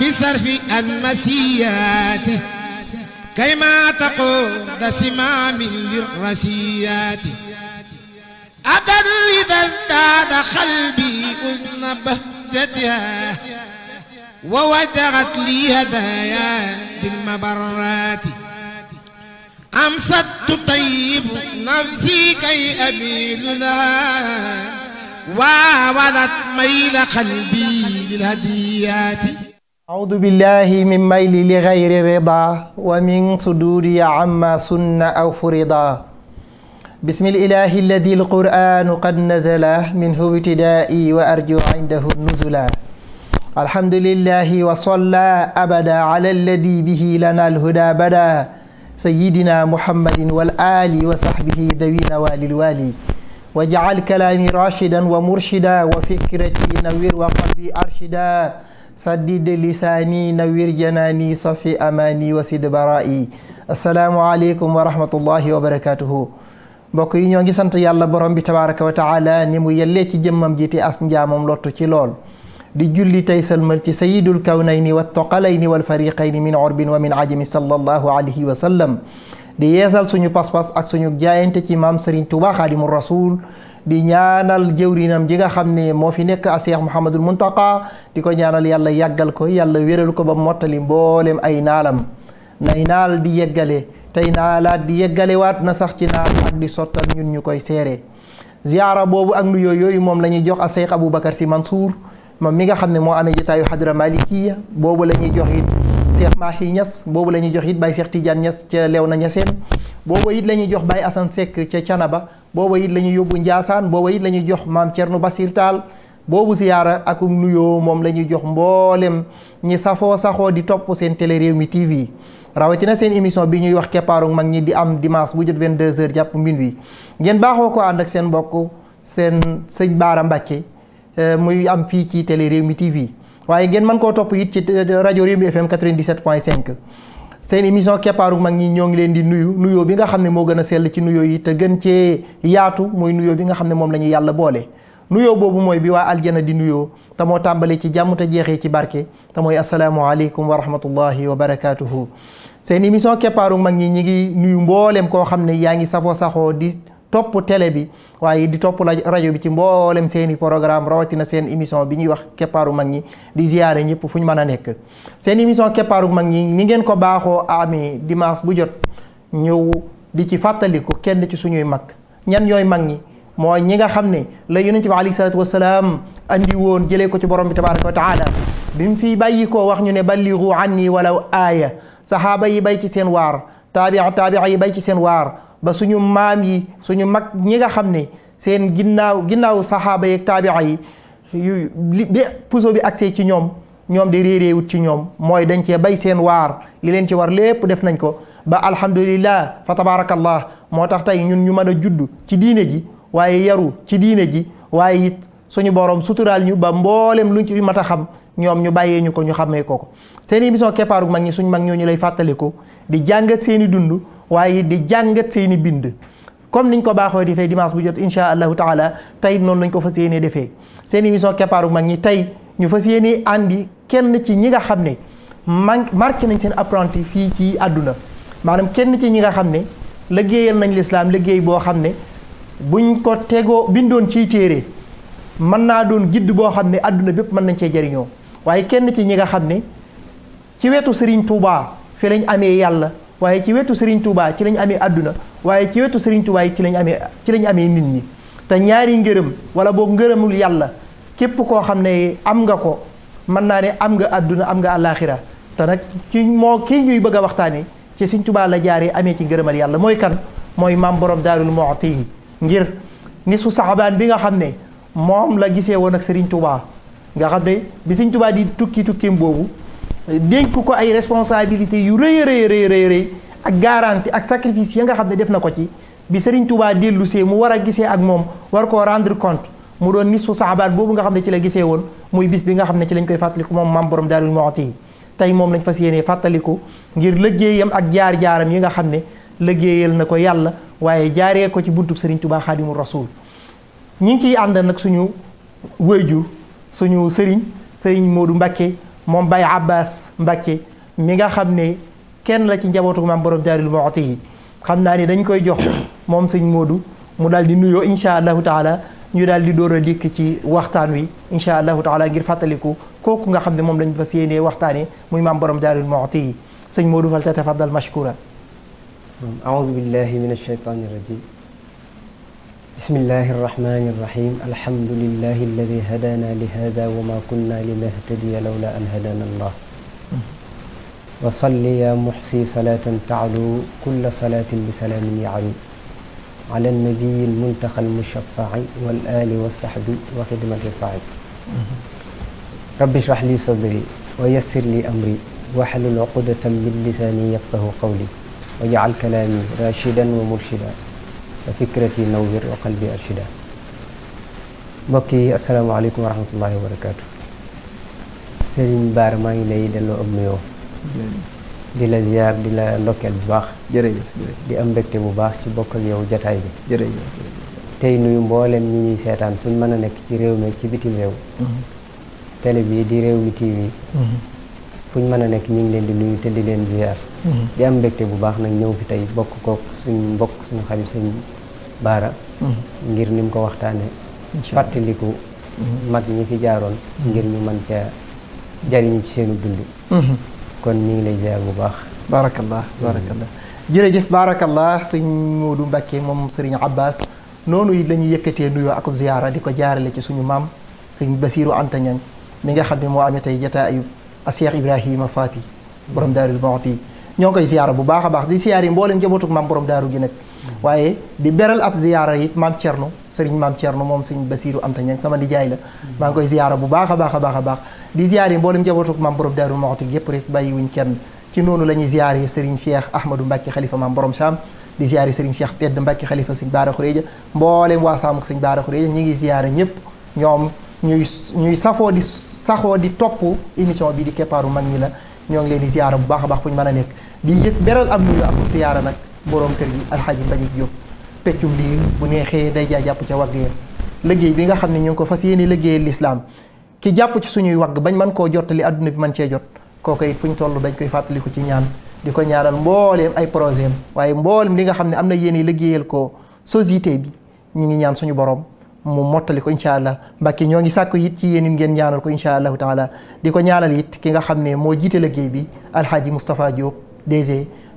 بصرف المسيات كيما تقود سمام للرسيات أدل إذا ازداد قلبي أذن بهجتها ووجهت لي هدايا بالمبرات أمست تطيب نفسي كي أميل لها وعولت ميل قلبي للهديات أعوذ بالله من ميل لغير رضا ومن صدوري عما سن أو فرضا بسم الإله الذي القرآن قد نزل منه ابتدائي وأرجو عنده النزلا الحمد لله وصلى أبدا على الذي به لنا الهدى بدا سيدنا محمد والآل وصحبه ذوي نوال الوالي واجعل كلامي راشدا ومرشدا وفكرتي نوير وقلبي أرشدا saddid lisaani nawir janaani safi amaani wasid baraa'i asalaamualeykum wa rahmatullahi wa barakatuhu mbokk yi ñoo ngi sant yàlla borom bi tabaraka wa ni mu yellee ci jëmmam ji te as njaamam lottu ci lool di julli tey salmal ci sayidul kawnayni wa toqalayni wal fariqayni min orbin wa min ajami sallallahu alayhi wa sallam di yeesal suñu pas ak suñu jaayante ci maam Serigne Touba Xaadimu Rasul di ñaanal jëwriñam ji nga xam ne moo fi nekk a Cheikh Mouhamadul Muntaqa di ko ñaanal yàlla yàggal ko yàlla wéral ko ba mottali mbooleem ay naalam nay naal di yeggale tey naalaat di yeggalewaat na sax ci naal ak di sottal ñun ñu koy seere ziyaara boobu ak nuyoo yooyu moom la ñuy jox a Cheikh si Sy Mansour moom mi nga xam ne moo amee jotaayu xadra malikiya boobu la ñuy jox it Cheikh Mahi ñas boobu la ñuy jox it Baye Cheikh Tidiane ñas ca Léona Niassène boobu it la ñuy jox Baye Assane Seck ca Canaba booba it la ñu yóbbu Njaasaan booba it la ñu jox maam Thierno Basir Taal boobu ziyaara akum nuyoo moom la ñuy jox mboolem ñi safoo saxoo di topp seen télé réew mi TV rawatina seen émission bi ñuy wax keppaaru mag ñi di am dimanche bu jot 22h jàpp minuit ngeen baaxoo ko ànd ak seen mbokk seen sëñ Baara Mbàkke euh, muy am fii ci télé réew mi TV waaye ngeen mën koo topp it ci euh, rajo réew mi FM 97.5. seen imission keppaaru mag ñi ñoo ngi leen di nuyu nuyoo bi nga xam ne moo gën a sell ci nuyoo yi te gën cee yaatu mooy nuyoo bi nga xam ne moom la ñu yàlla boole nuyoo boobu mooy bi waa aljana di nuyoo te moo tàmbale ci jàmm te jeexee ci barke te mooy asalaamualeykum wa rahmatullahi wa barakaatuhu seen émission keppaaru mag ñi ñi ngi nuyu mbooleem koo xam ne yaa ngi safoo saxoo di topp tele bi waaye di topp rajo bi ci mboolem seen i programme rawatina seen émission bi ñuy wax keppaaru mag ñi di ziyaare ñëpp fu ñu mën a nekk seen émission keppaaru mag ñi ni ngeen ko baaxoo amee dimanche bu jot ñëw di ci fàttaliku kenn ci suñuy mag ñan ñooy mag ñi mooy ñi nga xam ne la yonent bi alayhi salaatu wasalaam andi woon jëlee ko ci borom bi tabaraka wa taala bi mu fi bàyyi wax ñu ne balligu anni walaw aaya sahaaba yi bay ci seen waar taabi taabi yi bay ci seen waar ba suñu maam yi suñu mag ñi nga xam ne seen ginnaaw ginnaaw saxaaba yeeg taabia yi bi puso bi agsee ci ñoom ñoom di réeréewut ci ñoom mooy dañ cee bay seen waar li leen ci war lépp def nañ ko ba alhamdulillah fa tabaarakallah moo tax tey ñun ñu mën a judd ci diine ji waaye yaru ci diine ji waaye it suñu borom suturaal ñu ba mboolem lu ci mat a xam ñoom ñu bàyyee ñu ko ñu xamee ko ko seen émission keppaaru mag ñi suñ mag ñoo ñu lay ko di jàngat seeni dund waaye di jàngat seeni bind comme niñ ko baaxoo defee dimanche bu jot incha allahu taala tey noonu lañ ko fa yéenee defee seen émission keppaaru mag ñi tey ñu fas yéenee àndi kenn ci ñi nga xam ne man marqué nañ seen apprenti fii ci àdduna maanaam kenn ci ñi nga xam ne liggéeyal nañ lislaam liggéey boo xam ne buñ ko tegoo bindoon ciy téere mën naa doon gidd boo xam ne àdduna bépp mën nañ cee jariñoo waaye kenn ci ñi nga xam ne ci wetu Serigne Touba fi lañ amee yàlla waaye ci wetu Serigne Touba ci lañu amee àdduna waaye ci wetu Serigne Touba ci lañ amee ci lañ amee nit ñi te ñaari ngërëm wala boog ngërëmul yàlla képp koo xam ne am nga ko mën naa ne am nga àdduna am nga àllaaxira te nag ki moo ki ñuy bëgg a waxtaanee ci Serigne Touba la jaaree amee ci ngërëmal yàlla mooy kan mooy maam borom Daarul Muxti yi ngir ni su saxabaan bi nga xam ne moom la gisee woon ak Serigne Touba nga xam ne bi Serigne Touba di tukki tukkim boobu. dénk ko ay responsabilité yu rëy rëy rëy ak garantie ak sacrifice ya nga xam ne def na ko ci bi Serigne tubaa dellu see mu war a gisee ak moom war koo rendre compte mu doon su saxabaat boobu nga xam ne ci la gisee woon muy bis bi nga xam ne ci lañ koy fàttaliku moom maam borom Daarul Muxti yi tey moom lañ fas yéenee fàttaliku ngir liggéeyam ak jaar-jaaram yi nga xam ne liggéeyal na ko yàlla waaye jaaree ko ci buntub Serigne Touba Xaadimu Rasuul ñi ngi ciy ànd nag suñu wëyjur suñu sëriñ Serigne Modou Mbacké moom Baye Abbas Mbacke mi nga xam ne kenn la ci njabootu maam borom Daarul Muxti yi xam naa ni dañ koy jox moom sëñ Modou mu daal di nuyoo incha allahu taala ñu daal di door a dikk ci waxtaan wi incha allahu taala ngir fàttaliku kooku nga xam ne moom lañ fas yéenee waxtaanee muy maam borom Daarul Muxti yi sëñ Modou fal tatafaddal mashkura. aoudu billahi min achaytani rajim bismillahi irrahmani irrahim alhamdulilahi alladi hadana li hada wa ma kunna linahtadiya lawla an hadana allah wa salli ya muxsi salaatan taalu kulla salaatin bi salaamin yaalu ala nabiyi almuntaxa almushafaai wal ali wa saxbi wa xidmati lfaai rabbi shrah li sadri wa yassir li amri waxlul uqdatan min lisaani yafqahu qawli wa jacal kalaami rashidan wa murshida wa fikrati nawwir wa qalbi arshida mbokk yi asalaamaaleykum wa rahmatullahi wa barakaatu Serigne Bara maa ngi lay delloo am nuyoo di la ziar di la ndokkeel bu baax jërëjëf di am mbégte bu baax ci bokkal ak yow jataay bi jërëjëf tey nuyu mboolem ñi ñuy seetaan fu ñu mën a nekk ci réew mi ci bitim réew mhm. télé bi di réew mi TV mhm. fu ñu mën a nekk ñu ngi leen di nuyu te di leen ziar mhm. di am mbégte bu baax nag ñëw fi tey bokk kook suñ mbokk suñu xarit suñ baara hmm. ngir ni mu ko waxtaane fàttaliku hmm. mag ñi fi jaaroon hmm. ngir ñu mën ca jariñu ci seenu dund kon ñu ngi lay ziar bu baax baarakallah baarakallah jërëjëf baarakallah sëñ Moodu Mbàkke moom sëriñ Abbas noonu it la ñuy yëkkatee nuyoo akub ziyaara di ko jaarale ci suñu maam sëñ Basiiru Anta Ñaŋ mi nga xam ne moo amee tey jataayu a Cheikh Ibrahima Faati borom daarul Muxti ñoo ngi koy ziyaara bu baax a baax di ziyaar yi mbooleem jabootug maam borom daaru gi nag waaye di beral ab ziyaara it maam Thierno sëriñ maam Thierno moom sëriñ Basiiru am tañang sama nijaay la maa ngi koy ziyaara bu baax a baax a baax a baax di ziyaar yi mboolem njabootu maam borom Daaru Muxti yépp rek bàyyi wuñ kenn ci noonu la ñuy ziyaar yi sëriñ Cheikh Ahmadou Mbacke xalifa maam borom Saam di ziyaar yi sëriñ Cheikh Tedd Mbacke xalifa sëñ Baara Xuréja mboolem waa Saamuk sëñ Baara Xuréja ñu ngi ziyaara ñëpp ñoom ñuy ñuy safoo di saxoo di topp émission bi di keppaaru mag ñi la ñoo ngi leen di ziyaara bu baax a baax fu ñu mën a nekk di yëg beral am nuyu ak ziyaara nag borom kër gi alxaaji Mbagnick Diop peccum liir bu neexee day jaa jàpp ca wagg ya liggéey bi nga xam ne ñu ngi ko fas yéene liggéeyal lislaam ki jàpp ci suñuy wagg bañ man koo jottali adduna bi mën cee jot kooku it fu ñu toll dañ koy fàttaliku ci ñaan di ko ñaanal mbooleem ay projet am waaye mbooleem li nga xam ne am na yéene liggéeyal ko société bi ñu ngi ñaan suñu borom mu mottali ko incha allah mbàkki ñoo ngi sàkku it ci yéen ngeen ñaanal ko incha allahu taala di ko ñaanal it ki nga xam ne moo jiite liggéey bi alhaaji Moustapha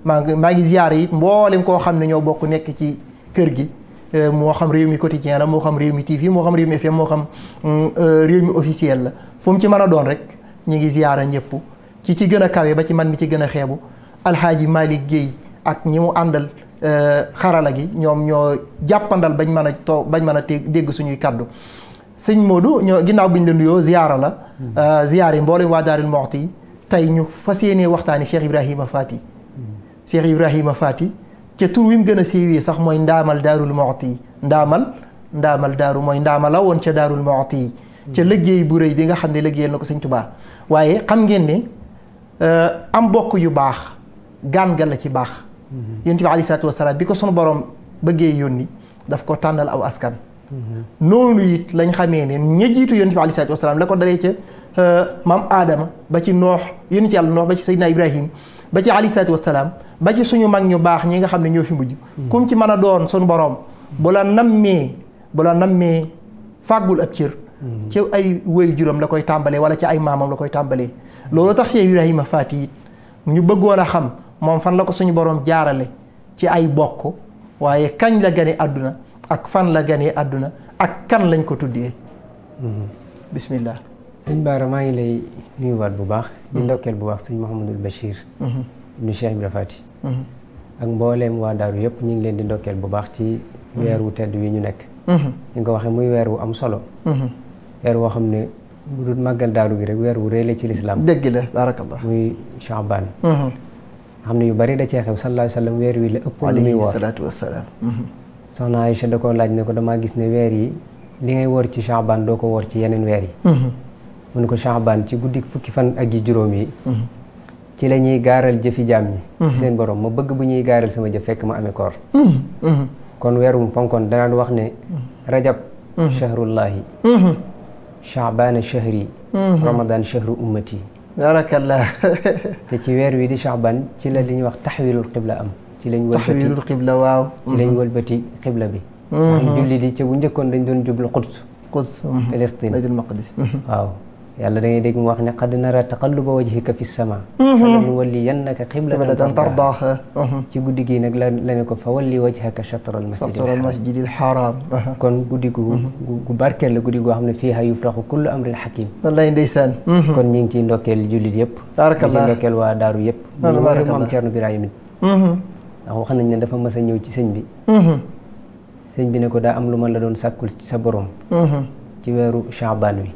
maa ngi maa ngi ziyaare it mboolem koo xam ne ñoo bokk nekk ci kër gi euh, moo xam réew mi quotidien la moo xam réew mi TV moo xam réew mi FM moo xam euh, réew mi officiel la fu ci mën a doon rek ñu ngi ziyaara ñëpp ci ci gën a kawe ba ci man mi ci gën a xeebu alxaaji Malick Guèye ak ñi mu àndal euh, xarala gi ñoom ñoo jàppandal bañ mën a too bañ mën a dégg suñuy kàddu sëñ Modou ñoo ginnaaw bi ñu la nuyoo ziyaara la hmm. ziyaar yi mboolem waa moo Muxti tey ñu fas yéenee waxtaani Cheikh Ibrahima Fati Cheikh Ibrahima Fati ca tur wi mu gën a siiwee sax mooy ndaamal daarul moxti ndaamal ndaamal daaru mooy ndaamala woon ca daarul moxti yi ca bu rëy bi nga xam ne liggéeyal na ko sëñ Tuubaa waaye xam ngeen ne euh, am bokk yu baax gaan ga la ci baax mhm. yonent bi aleyhi salaatu wasalaam bi ko sunu borom bëggee yónni daf ko tànnal aw askan mhm. noonu it lañ xamee ne ña jiitu yonent bi aleyhi salaatu wasalaam la ko dalee ca euh, maam aadama ba ci noox ci yàlla noox ba ci seydina ibrahim ba ci aleyhi salaatu wasalaam ba ci suñu mag ñu baax ñi nga xam ne ñoo fi mujj kum ci mën a doon suñu borom bu la nammee bu la nammee fàggul ab cër mm-hmm. ci ay wéy juróom la koy tàmbalee wala ci ay maamam la koy tàmbalee loolu tax Cheikh Ibrahima Faati it ñu bëggoon a xam moom fan la ko suñu borom jaarale ci ay bokk waaye kañ la gane àdduna ak fan la gane àdduna ak kan lañ ko tuddee mm-hmm. bismillah sëñ Baara maa ngi lay nuyuwaat bu baax. di ndokkeel bu baax sëñ Mouhamadul Bachir. Mhm. ibnu Cheikh Ibra Fati. Mhm. ak mbooleem waa daaru yëpp ñu ngi leen di ndokkeel bu baax ci mhm. weer wu tedd wi ñu nekk. ni nga ko waxee muy weer wu am solo. weer woo xam ne bu dul màggal daaru gi rek weer wu rëy la ci lislaam. dëgg la muy Chaabaan. xam ne yu bari da cee xew sallallahu alayhi wa sallam weer wi la ëpp. lu muy woor salaatu wasalaam. soxna da koo laaj ne ko damaa gis ne weer yi li ngay woor ci Chaabaan doo ko woor ci yeneen weer mu ne ko Chaabaan ci guddi fukki fan ak yi juróom mhm. ci la ñuy gaaral jëfi jaam ñi mhm. seen borom ma bëgg bu ñuy gaaral sama jëf fekk ma amee mhm. kon weer wu mu fonkoon danaan wax ne rajab shahrullahi a shahri ramadan shahru ummati barakallah te ci weer wi di Chaabaan ci la li ñuy wax taxwilul qibla am ci lañ wëlbati taxwilul qibla waaw ci lañ bi julli di ca bu njëkkoon dañ doon jublu Quds Quds Palestine Baytul yàlla da ngay dégg mu wax ne qad nara taqalluba wajhika fi sama mhm. nu walli yannaka qiblatan tardaha mhm. ci guddi gii nag la la ne ko fa walli wajhaka shatra almasjidil haram mhm. kon guddi gu gu barkeel la guddi goo xam ne fiiha yufraxu kullu amrin hakim wallaay ndeysaan kon ñu ngi ciy ndokkeel jullit yëpp ci ndokkeel waa daaru yëpp ñu war moom Ceerno Birahim it ndax wax nañ ne dafa mas a ñëw ci sëñ bi sëñ bi ne ko daa am lu ma la doon sàkkul ci sa borom ci weeru Shaaban wi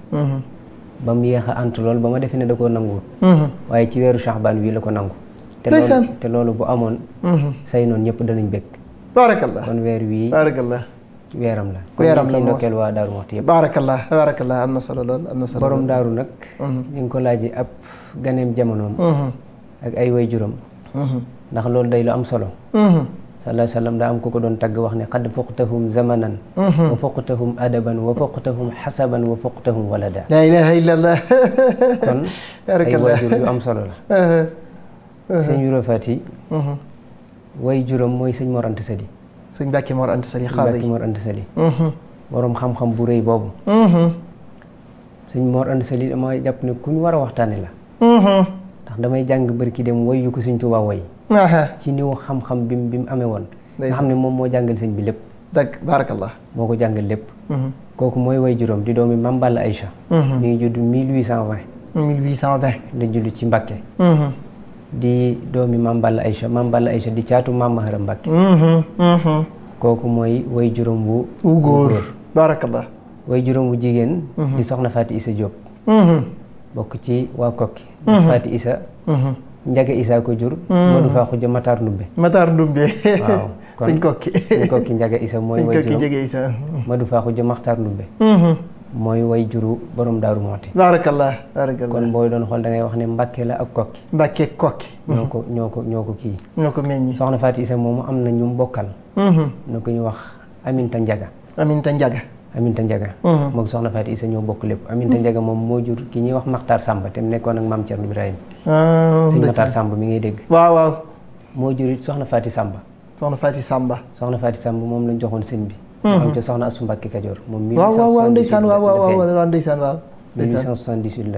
ba mu yéex a antu lool ba ma defee ne da koo nanguwul. Mhm. waaye ci weeru Saxbaan bii la ko nangu. ndeysaan te loolu bu amoon. Mhm. say noonu ñëpp danañ bëgg. baarakallah kon weer wii. baarakallah weeram la. weeram la moos kon ñu ngi ciy ndokkeel waa Daaru Muxti yëpp. baarakallah baarakallah am na solo lool am na solo daaru nag. Mhm. ñu ngi ab ganeem jamonoom. ak ay way juróom. ndax loolu day lu am solo. sallallahu alayhi wa sallam daa am ku ko doon tagg wax ne qad fuqtahum zamanan mhm. wa fuqtahum adaban wa fuqtahum xasaban wa fuqtahum walada la ilaha illallah kon ay waajur yu am solo la uh-huh. Uh-huh. sëñ Yoro Fati uh-huh. way juróom mooy sëñ Mor Anta Sali sëñ Bàkke Mor Anta Sali xaadi Bàkke Mor Anta Sali boroom xam-xam bu rëy boobu sëñ Mor Anta Sali dama jàpp ne ku ñu war a waxtaane la ndax damay jàng bërki dem way yu ko sëñ Tuubaa way ci niveau xam-xam bi bi mu amee woon nga xam moom moo jàngal sëñ bi lépp dëgg barakallah moo ko jàngal lépp mhm. kooku mooy way juróom di doomi Mame Balla Aïcha mhm. mi ngi judd 1820 1820 la judd ci Mbacké mhm. di doomi Mame Balla Aïcha Mame Balla Aïcha di caatu Mame Maharam Mbacké kooku mooy way juróom bu góor barakallah way juróom bu jigéen di soxna Faati Isa Diop bokk waa Kokki Faati Isa Njaga Isaa ko jur. Hmm. Modou Faa Xuja Matar Ndumbe. Matar Ndumbe. waaw kon sëñ kokki sëñ kokki Njaga Isaa mooy. sëñ kokki Njaga Isaa Modou ne Mbàkke la ak kokki. Mbàkke kokki. Hmm. ñoo ko ñoo ko ñoo ko kii. ñoo ko meññi moomu am na ñu mbokkal. Hmm. ñu ko wax Aminta Njaga. Aminta Njaga. Aminta Ndiaga mm-hmm. moom soxna Fatou Issa ñoo bokk lépp Aminta Ndiaga moom moo jur ki ñuy wax Makhtar Samb te mu nekkoon ak maam Thierno Ibrahima ah, sëñ Makhtar Samb mi ngay dégg waaw waaw moo jur it soxna Fatou Samba soxna Fatou Samba Samba moom lañ joxoon sëñ mm-hmm. am ca soxna Assou Mbacké Kajoor moom mi waaw waaw waaw ndeysaan waaw waaw waaw ndeysaan waaw la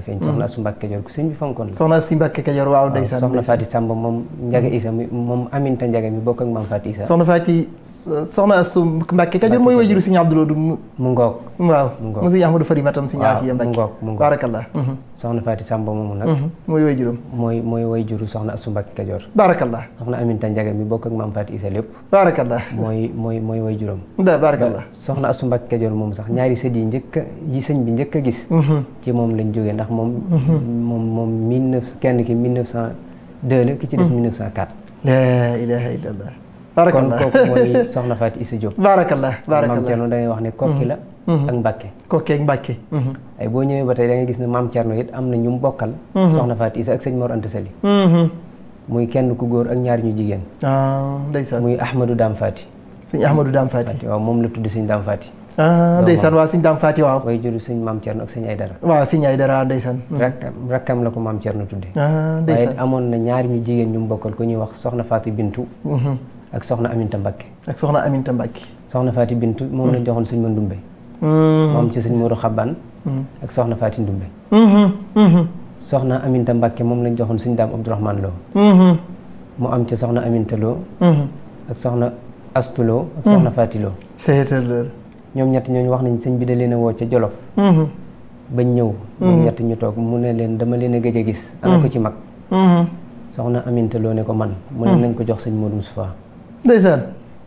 feeñ soxna mm. su Mbàkke Kajoor ku sëñ bi fonkoon soxna si Mbàkke Kajoor waaw ndeysaan soxna Faati Sàmba moom Njaga Isa moom Aminta Njaga mi bokk ak maam Faati Isa soxna Faati soxna Kajoor mooy wajuru sëñ Abdou Lahad waaw mu ngoog mu sëñ Ahmadou Fari matam sëñ Aafiya Mbàkke mu mu ngoog barakallah mm-hmm. soxna Faati Sàmba moomu nag. Mhm. mooy way juróom. mooy mooy way juru soxna Asu Mbàkke Kajoor. baarakallah. soxna Aminta Njaga mi bokk ak maam Faati Isa lépp. baarakallah. mooy mooy mooy way juróom. da baarakallah. soxna Asu Mbàkke Kajoor moomu sax ñaari sët yi njëkk yi sëñ bi njëkk a gis. Mhm. ci moom lañ jógee ndax moom. Mhm. moom kenn ki mille neuf cent ki ci des mille neuf cent quatre. la ilaha illallah. baarakallah kon kooku mooy soxna Faati Isa Diop. baarakallah baarakallah maam Thierno da ngay Mhm. ak Mbacke. Koke ak Mbacke. Mhm. ay boo ñëwee ba tey da gis ne maam Thierno it am na ñu mu bokkal. Mhm. soxna ak sëñ Mor Anta Sali. muy kenn ku góor ak ñaar ñu jigéen. ah ndeysaan muy Ahmadou Dame Fati. sëñ Ahmadou Dame moom la tudd sëñ Dame Fati. ah ndeysaan waaw sëñ Dame Fati waaw. way juru sëñ maam Thierno ak sëñ Aydara. waaw sëñ Aydara ndeysaan. rakkam rakkam la ko maam Thierno tuddee. ah ndeysaan na ñaar ñu jigéen ñu mu bokkal ñuy wax soxna Faati Bintu. ak soxna Aminta Mbacke. ak soxna Aminta Mbacke. soxna Faati Bintu moom la joxoon sëñ Mandumbe Hmm. moom ci sëñ Modou Xaban hmm. ak soxna Faati Ndumbe hmm, soxna Aminta Mbàkke moom lañ joxoon sëñ Daam Abdourahmane Lo mu am ci soxna Aminta Lo ak soxna Astu Lo ak soxna Faati Lo seetal loolu ñoom ñett ñooñu wax nañ sëñ bi da leen a woo ca Jolof bañ ñëw ñoom ñett ñu toog mu ne leen dama leen a gëj a gis ana ko ci mag soxna Aminta Lo ne ko man mu ne nañ ko jox sëñ Modou Moustapha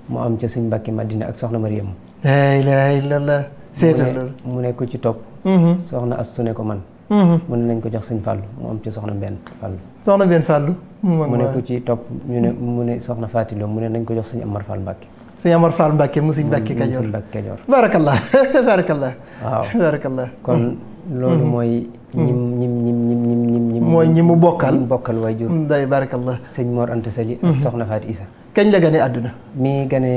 mu am ca sëñ Mbàkke Madina ak soxna Mariam la ilaha illallah seetal loolu mu ne ko ci topp. Mm-hmm. soxna Astu ne ko man. mu mm-hmm. ne nañ ko jox sëñ Fallou mu am ci soxna benn Fallou. soxna benn Fallou. Mm-hmm. mu ne ko ci mu ne soxna Fatilou mu ne nañ ko jox sëñ Amar Fall Mbacke. sëñ Amar Fall Mbacke mu sëñ Mbacke Kajoor mu Mbacke Kajoor. barakallah barakallah. waaw barakallah. kon loolu mooy. ñim ñim ñim ñim ñim ñim ñim. mooy ñi mu bokkal ñi mu bokkal waajur. Mm, sëñ Mor Anta Sali. soxna Faati Isa. kañ la gane àdduna. mi gane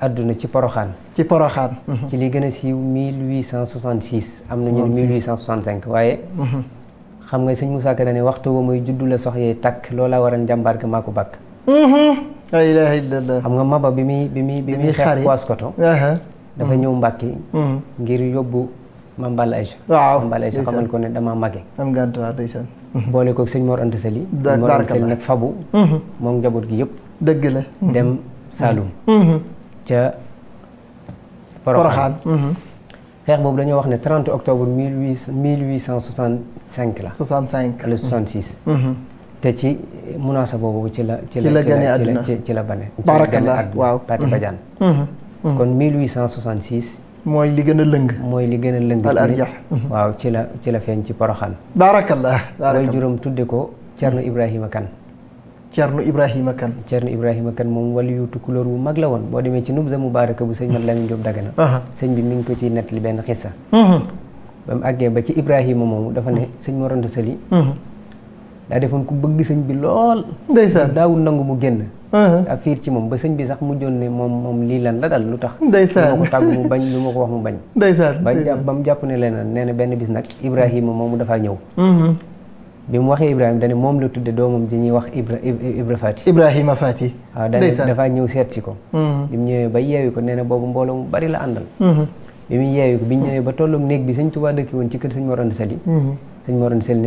àdduna ci Poroxaan. ci mhm. ci li gën a siiw 1866. am na ñu ne 1865 waaye. Mhm. xam nga sëñ Moussa Ka ne waxtu ba muy juddu la soxyee takk loola waral jàmbaar ga maa ko bakk. Mhm. la ilaha illallah. xam nga maba bi muy bi muy bi muy xeex Paoskoto. dafa ñëw Mbàkke. ngir yóbbu ma Balla Aïcha. waaw Mame Balla Aïcha xamal ko ne damaa màgge. boole ko sëñ Mor Anta Sali. Mor Anta nag fabu. moom njaboot gi yëpp. dëgg la dem Saloum mm-hmm. ca Porokhane mm-hmm. xeex boobu dañoo wax ne 30 octobre 1865 la 65 la 66 te ci munaasa boobu ci la ci la gane àdduna ci la bane barakallah waaw Pate mm-hmm. Badiane kon 1866 mooy li gën a lëng mooy li gën a lëng al arjax waaw ci la ci la feeñ ci Porokhane barakallah way juróom tudde ko Cerno Ibrahima Kane Cerno Ibrahima Kane Cerno Ibrahima Kane moom waliyu tukulóor bu mag la woon boo demee ci Nubza Mubaraka bu sëñ Mat Lamin Jóob Dagana sëñ bi mi ngi ko ciy nettali benn xissa mhm. ba mu àggee ba ci Ibrahima mhm. mhm. bi lool ndeysaan daawul nangu mu génn daa fiir ci moom ba sëñ bi sax mujjoon ne moom moom lii lan la dal lu tax ndeysaan ma ko tàgg mu bañ lu ma ko wax mu ne leneen nee na benn bis nag Ibrahima moomu dafaa ñëw bi mu waxee Ibrahima dañu moom la tudde doomam ji ñuy wax Ibra a Fati. Ibrahima a waaw dañu dafa ñëw seet si ko. Mm-hmm. bi mu ñëwee ba yeewi ko nee na boobu mbooloo mu bari la àndal. Mm-hmm. bi mu yeewi ko bi ñu ñëwee ba tolloog néeg bi sëñ Tuubaa dëkki woon ci kër sëñ Moroon Sali. Mm-hmm. sëñ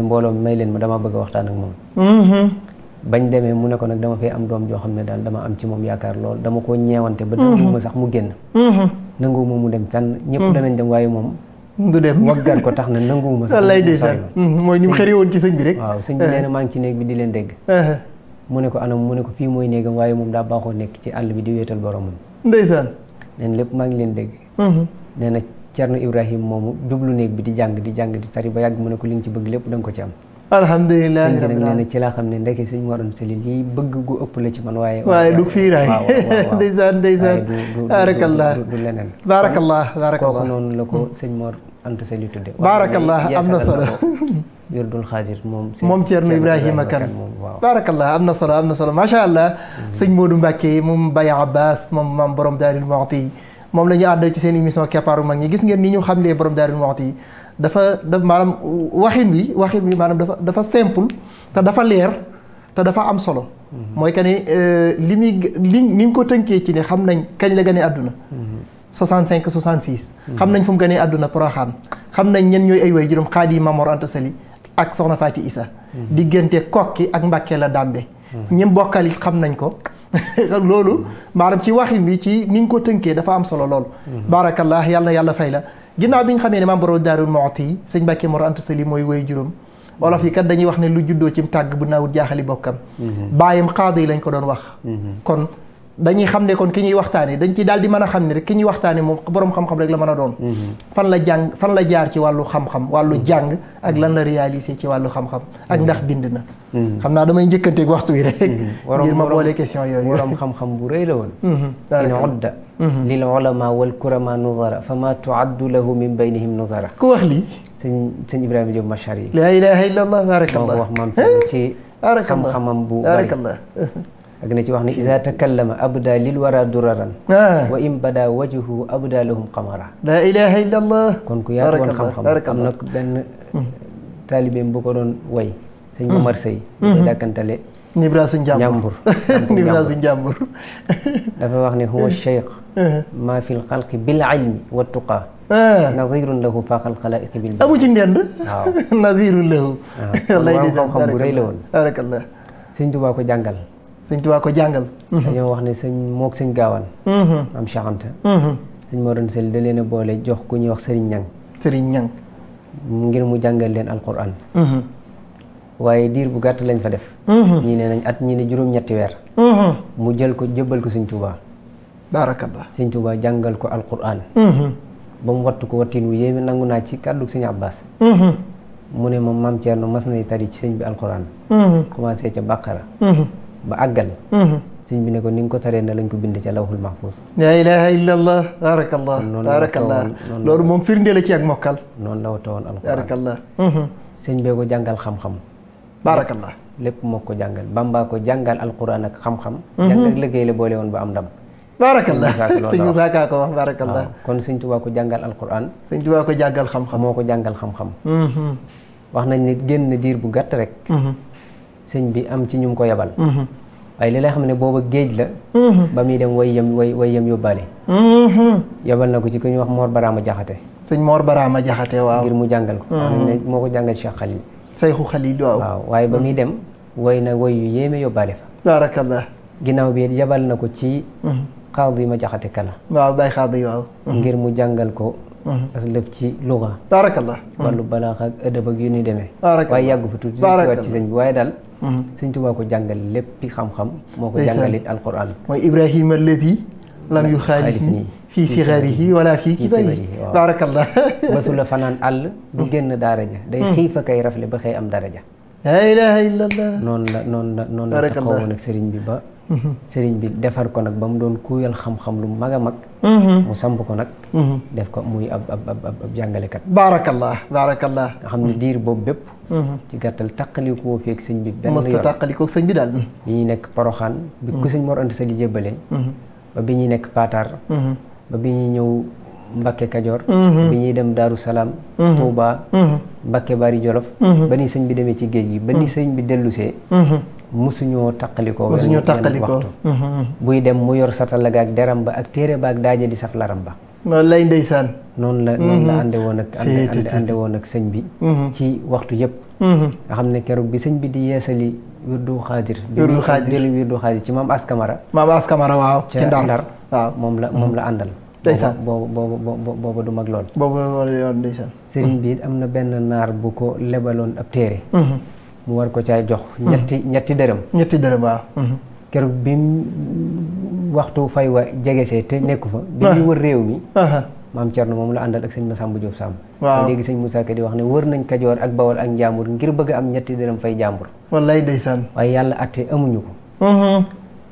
a mu ne ko moom mu dem fenn. ñëpp danañ dem waaye moom du dem waggar ko tax na nanguwuma. wallaay ndeysaan mm-hmm. mooy ñu xëri woon ci sëñ bi rek. waaw sëñ bi eh. nee na ngi ci néeg bi di leen dégg. Eh. mu ne ko anam mu ne ko fii mooy néegam waaye moom daa baaxoo nekk ci àll bi di wéetal boromam. ndeysaan. nee na lépp maa ngi leen dégg. Mm-hmm. nee na Cerno Ibrahim moomu jublu néeg bi di jàng di jàng di sari ba yàgg mu ne ko li nga ci bëgg lépp da ko ci am. alhamdulilah rabbil aalamiin ci laa xam ne ndeke suñu waroon seli lii bëgg gu ëpp la ci man waaye waaye du fiiraay ndeysaan ndeysaan baarakallah du leneen baarakallah baarakallah kooku noonu la ko hmm. sëñ Mor Anta Sali tudde baarakallah am na solo wirdul xaadir moom moom Thierno Ibrahima Kane baarakallah am na solo am na solo macha allah hmm. sëñ Modou Mbacke moom Baye Abbas moom maam borom Daaril Muxti moom la ñu àndal ci seen émission keppaaru mag ñi gis ngeen ni ñu xamlee borom Daaril Muxti dafa daf maanaam waxin wi waxin wi maanaam dafa dafa simple te dafa leer te dafa am solo mhm. mooy que ni euh, li muy li ni nga ko tënkee ci ne xam nañ kañ la gane àdduna 65 mhm. 66 mhm. xam nañ fu mu gane àdduna Poroxaan xam nañ ñen ñooy ay way juróom Xaadi ma Anta Sali ak Soxna Faati Isa diggante kokki ak Mbàkke la Dàmbe ñim bokkal xam nañ ko loolu maanaam ci waxin wi ci ni nga ko tënkee dafa am solo loolu baarakallah yàlla yàlla fay la ginnaaw bi nga xamee ne maam borom daarul moxti yi sëñ Mbàkke Mor Anta Sali mooy woy juróom olof yi kat dañuy wax ne lu juddoo mu tàgg bu naawut jaaxali bokkam mhm. baayam xaada yi lañ ko doon wax mhm. kon dañuy xam ne ko ki ñuy waxtaanee dañ ci daal di mën a xam ne rek ki ñuy waxtaanee moom borom xam-xam rek la mën a mm-hmm. fan la jàng fan la jaar ci wàllu xam-xam wàllu mm-hmm. jàng ak lan la mm-hmm. réalisé ci wàllu xam-xam ak ndax bind na. xam naa damay njëkkanteeg waxtu wi rek. ngir ma boole question yooyu. borom xam-xam bu rëy la woon. in odda lil ulama wal kurama nuzara fa ma tuaddu lahu min baynihim nuzara. ku wax lii. sëñ sëñ Ibrahima Diop Machar yi. la ilaha illallah baarakallah moo ko wax maam ci xam-xamam bu ak na ci wax ne iza takallama abda lil wara duraran ah. wa in bada wajhu abda lahum qamara la ilaha illa allah kon ku yaatu woon xam-xam am na benn hmm. taalibeem bu ko doon way sëñ hmm. Omar Sey day hmm. dàkkantale nibra su njàmbur nibra su njàmbur dafa wax ne huwa cheikh eh. ma fi lxalqi bil ilmi wa tuqa eh. nadirun lahu faaxal xalaiqi bil amu ci ndend waaw nadirun lahu ah. wallaay xam-xam bu rëy la woon barakallah sëñ Tuubaa ko jàngal sëñ Tuubaa ko jàngal. dañoo mhm. wax ne sëñ moog sëñ gaawaan. Mhm. am Cheikh Anta. Mhm. a boole jox ku ñuy wax Serigne Ñang. Serigne Ñang. mu jàngal leen alquran. waaye diir bu gàtt lañ fa def. ñii ne nañ at ñii mu jël ko jëbbal ko sëñ Tuubaa. baarakallah ko alquran. ba mu wattu ko wattiin wu yéeme nangu naa ci kàddu sëñ Abbas. mu ne moom maam Thierno mas nay tari sëñ bi alquran. commencé ca Baqara. ba àggal mhm. sëñ bi ne ko ni nga ko taree ne lañ ko bind ca lawhul mahfuz laa ilaha illa allah barakallah barakallah loolu moom firnde la ci ak mokkal noonu la wata woon alxuraan barakallah mhm. sëñ bee ko jàngal xam-xam barakallah lépp moo ko jàngal bambaa ko jàngal alquran ak xam-xam mhm. jàngal liggéey la boole woon ba am ndam barakallah sëñ Musaa Ka ko wax barakallah kon sëñ Tuubaa ko jàngal alquran sëñ Tuubaa ko jàngal xam-xam moo ko jàngal xam-xam wax nañ ne génn diir bu gàtt rek sëñ bi am ci ñu ko yebal mm-hmm. waaye li lay xam ne booba géej la mm-hmm. ba muy dem way yem way way yem yóbbaale mm-hmm. yebal na ko ci ku ñuy wax a Baraama Jaxate sëñ Mor Baraama Jaxate waaw ngir mu jàngal ko ne moo ko jàngal ba muy dem way na way yu yéeme yóbbaale fa barakallah ginnaaw bi yebal na ko ci xaadi ma jaxate kala waaw bay xaadi waaw ngir mu jàngal ko aslëf ci luga barakallah wàllu balaax ak ëdëb ak yu ni demee waaye fa tuuti ci bi waaye daal sëñ Tuubaa ko jàngal léppi xam-xam moo ko jàngalit alquran mooy ibrahima alladi lam yu xaalif ni fii sigaarihi wala fii kibarihi baarakallah basula fanaan àll du mm. génn daraja day mm. xiifa kay rafle ba xëy am daraja laa ilaha illa allah noonu la noonu la noon la taxawoon ak bi ba sëriñ bi defar ko nag ba mu doon kuuyal xam-xam lu mag a mag. Mhm. mu samp ko nag. Mhm. def ko muy ab ab ab ab jàngalekat. baarakallah baarakallah. nga xam ne mhm. diir boobu bépp. ci gàttal taqalikoo feeg sëñ bi. benn yoon mos taqalikoo sëñ bi daal. bi ñuy nekk Poroxaan. bi ku sëñ Mor Anta Sali jébbalee. ba bi ñuy nekk Paatar. ba bi ñuy ñëw Mbakke Kajoor. bi ñuy dem Daaru Salaam. Mbakke Bari Jolof. ba ni sëñ bi demee ci géej gi ba ni sëñ bi dellusee. musuñoo taqalikoo musuñoo taqalikoo mm-hmm. buy dem mu yor satalaga ak deram ba ak téere ba ak daaje di saf laram ba wallaay la noonu la mm-hmm. ànde woon ak ànde woon ak sëñ bi mm-hmm. ci waxtu yëpp nga xam ne keroog bi bi di yeesali wirdu xaadir wirdu xaadir jël wirdu xaadir ci maam askamara maam askamara waaw ci ndar la moom la àndal ndeysaan boobu boobu boobu du mag lool boobu lool ndeysaan sëriñ bi am na benn naar bu ko lebaloon ab téere mu war ko caa jox. ñetti hmm. ñetti dërëm. ñetti dërëm waaw. Hmm. Hmm. keroog bi mu waxtu fay wa jege see te nekku fa. bi ñu ah. wër réew mi. Ah. maam Thierno moom la àndal ak sëñ sambu Diop Samb. waaw léegi sëñ Moussa Ka di wax ne wër nañ Kajoor ak Bawol Njàmbur ngir bëgg am ñetti dërëm fay jàmbur. wallaay ndeysaan. waaye yàlla atte amuñu ko.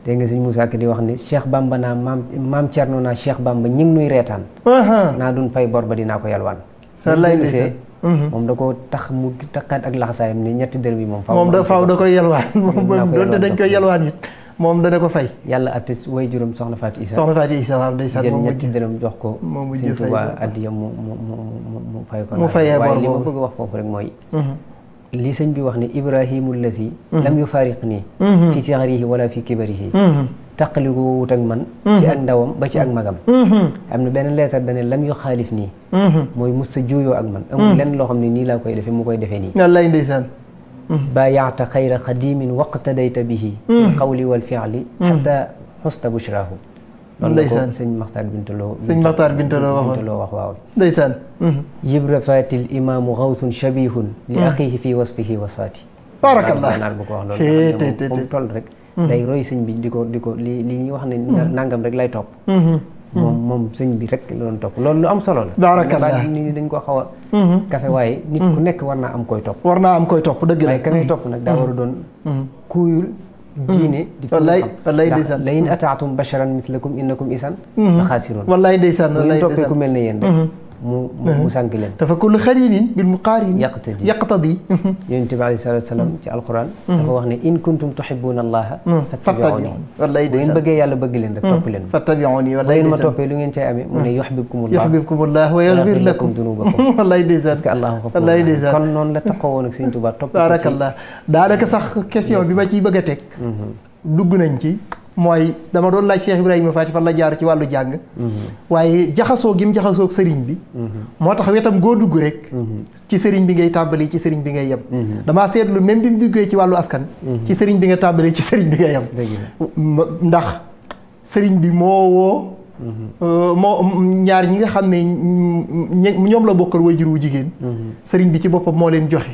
dégg nga sëñ Moussa Ka di wax ne Cheikh Bamba naa maam maam Thierno naa Cheikh Bamba ñi ngi nuy reetaan. Ah. naa duñ fay bor ba ko yalwaan. sa lay ndeysaan Mm-hmm. moom da ko tax mu takkaat ak laxasaayam ni ñetti dërëm yi moom. moom da faaw da koy yalwaan moom doonte dañ koy yalwaan it moom dana ko fay. yàlla artiste way juróom soxna Fatou Issa. soxna Fatou Issa waaw ndeysaan jël ñetti dërëm jox ko. moom mu jëfandikoo Sëñ Tuubaa addiya mu mu mu mu fay ko. mu a bor boobu waaye li ma bëgg wax foofu rek mooy. Mm-hmm. li sëñ bi wax ni Ibrahima allazi. Mm-hmm. lam yufaariqnii. fi sigharihi wala fi kibarihi taqaliku wut ak man mm-hmm. ci ak ndawam ba ci ak mm-hmm. magam mm-hmm. am na benn leetar dane lam yu xaalif nii mooy mus sa juuyoo ak man amul lenn loo xam ne nii laa koy defee mu koy defee nii wallaay ndeysaan baayaata xayra xadimin waqtadayta bihi qawli wal fi'li xata xusta bushraahu ndeysaan sëñ maxtaar bintaloo sëñ maxtaar bintaloo bintaloo wax waaw ndeysaan yibra fatil imaamu xawtun shabihun li axihi fi wasfihi wasfaati baarakallah bu ko wax loolu tol rek day mm-hmm. roy sëñ bi di ko di ko li li ñuy wax ne mm-hmm. nangam rek lay topp mm-hmm. moom moom sëñ bi rek la doon topp loolu lu am solo la baarakallah nit ñi dañ ko xaw a kafe waaye nit ku nekk war naa am koy topp war naa am koy topp dëgg la waaye ka ngay topp nag daa war a doon kuuyul diine di wallaay wallaay ataatum basharan mislakum innakum isan la xaasiroon wallaay ndeysaan ku mel ne yéen rek mu mu eh. sànq leen. dafa kullu xariinin bil muqaarin yaqtadi yaqtadi. yonent bi alayhi salaatu wa salaam ci alquran. dafa wax ne in kuntum tuhibbuuna allaha. Mm. fattabi'uuni wallaay de bu ngeen bëggee yàlla bëgg leen rek topp leen. Mm. fattabi'uuni wallaay de bu ngeen ma toppee lu ngeen cay amee mu ne mm. yuhbibkumullah yuhbibkumullah wa yaghfir lakum dunuubakum wallaay de parce que allah wallaay de kon noonu la taxawoon ak Sëriñ Tuubaa topp. baarakallah daanaka sax question bi ma ciy bëgg a teg. Mm-hmm. dugg nañ ci. mooy dama doon laaj Cheikh Ibrahima Faty fan la jaar ci wàllu jàng mhm. waaye jaxasoo gi mu jaxasoo sëriñ bi mhm. moo tax wetam goo dugg rek mhm. ci sëriñ bi ngay tàmbali ci sëriñ bi ngay yem damaa seetlu même bi mu duggee ci wàllu askan ci sëriñ bi nga tàmbali ci sëriñ bi ngay yem ndax sëriñ bi moo woo Euh, moo ñaar ñi nga xam ne ñoom la bokkal wajur wu jigéen mm-hmm. sëriñ bi ci boppam moo leen joxe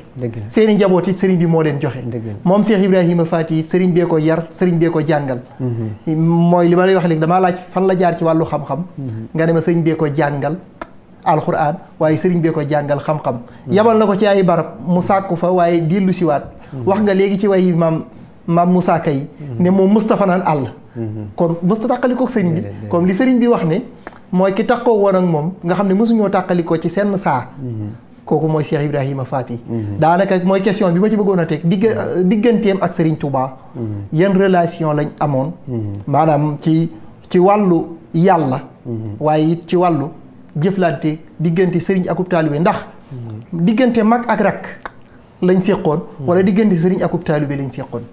seeni njaboot it sëriñ bi moo leen joxe moom Cheikh Ibrahima Faty it sëriñ bee ko yar sëriñ bee ko jàngal mm-hmm. mooy li ma lay wax léegi damaa laaj fan la jaar ci wàllu xam-xam mm-hmm. nga ne ma sëriñ bee ko jàngal alxuraan waaye sëriñ bee ko jàngal xam-xam yabal na ko ci ay barab mu sàkku fa waaye dellu siwaat wax nga léegi ci way maam maam Moussa Kay ne moom Moustapha naan àll kon mësta tàqalikoo sëriñ bi comme li sëriñ bi wax ni mooy ki takkoo woon ak moom nga xam ne mësuñoo tàkkalikoo ci seen saa mm-hmm. kooku mooy Cheikh Ibrahima Fati mm-hmm. daanaka mooy question bi ma ci bëggoon a teg digg mm-hmm. digganteem ak sëriñ Touba yan relation lañ amoon maanaam ci ci wàllu yàlla waaye it ci wàllu jëflante diggante Serigne akub taalibe ndax diggante mag ak rak lañ seqoon. wala diggante sëriñ akub taalibe lañ seqoon.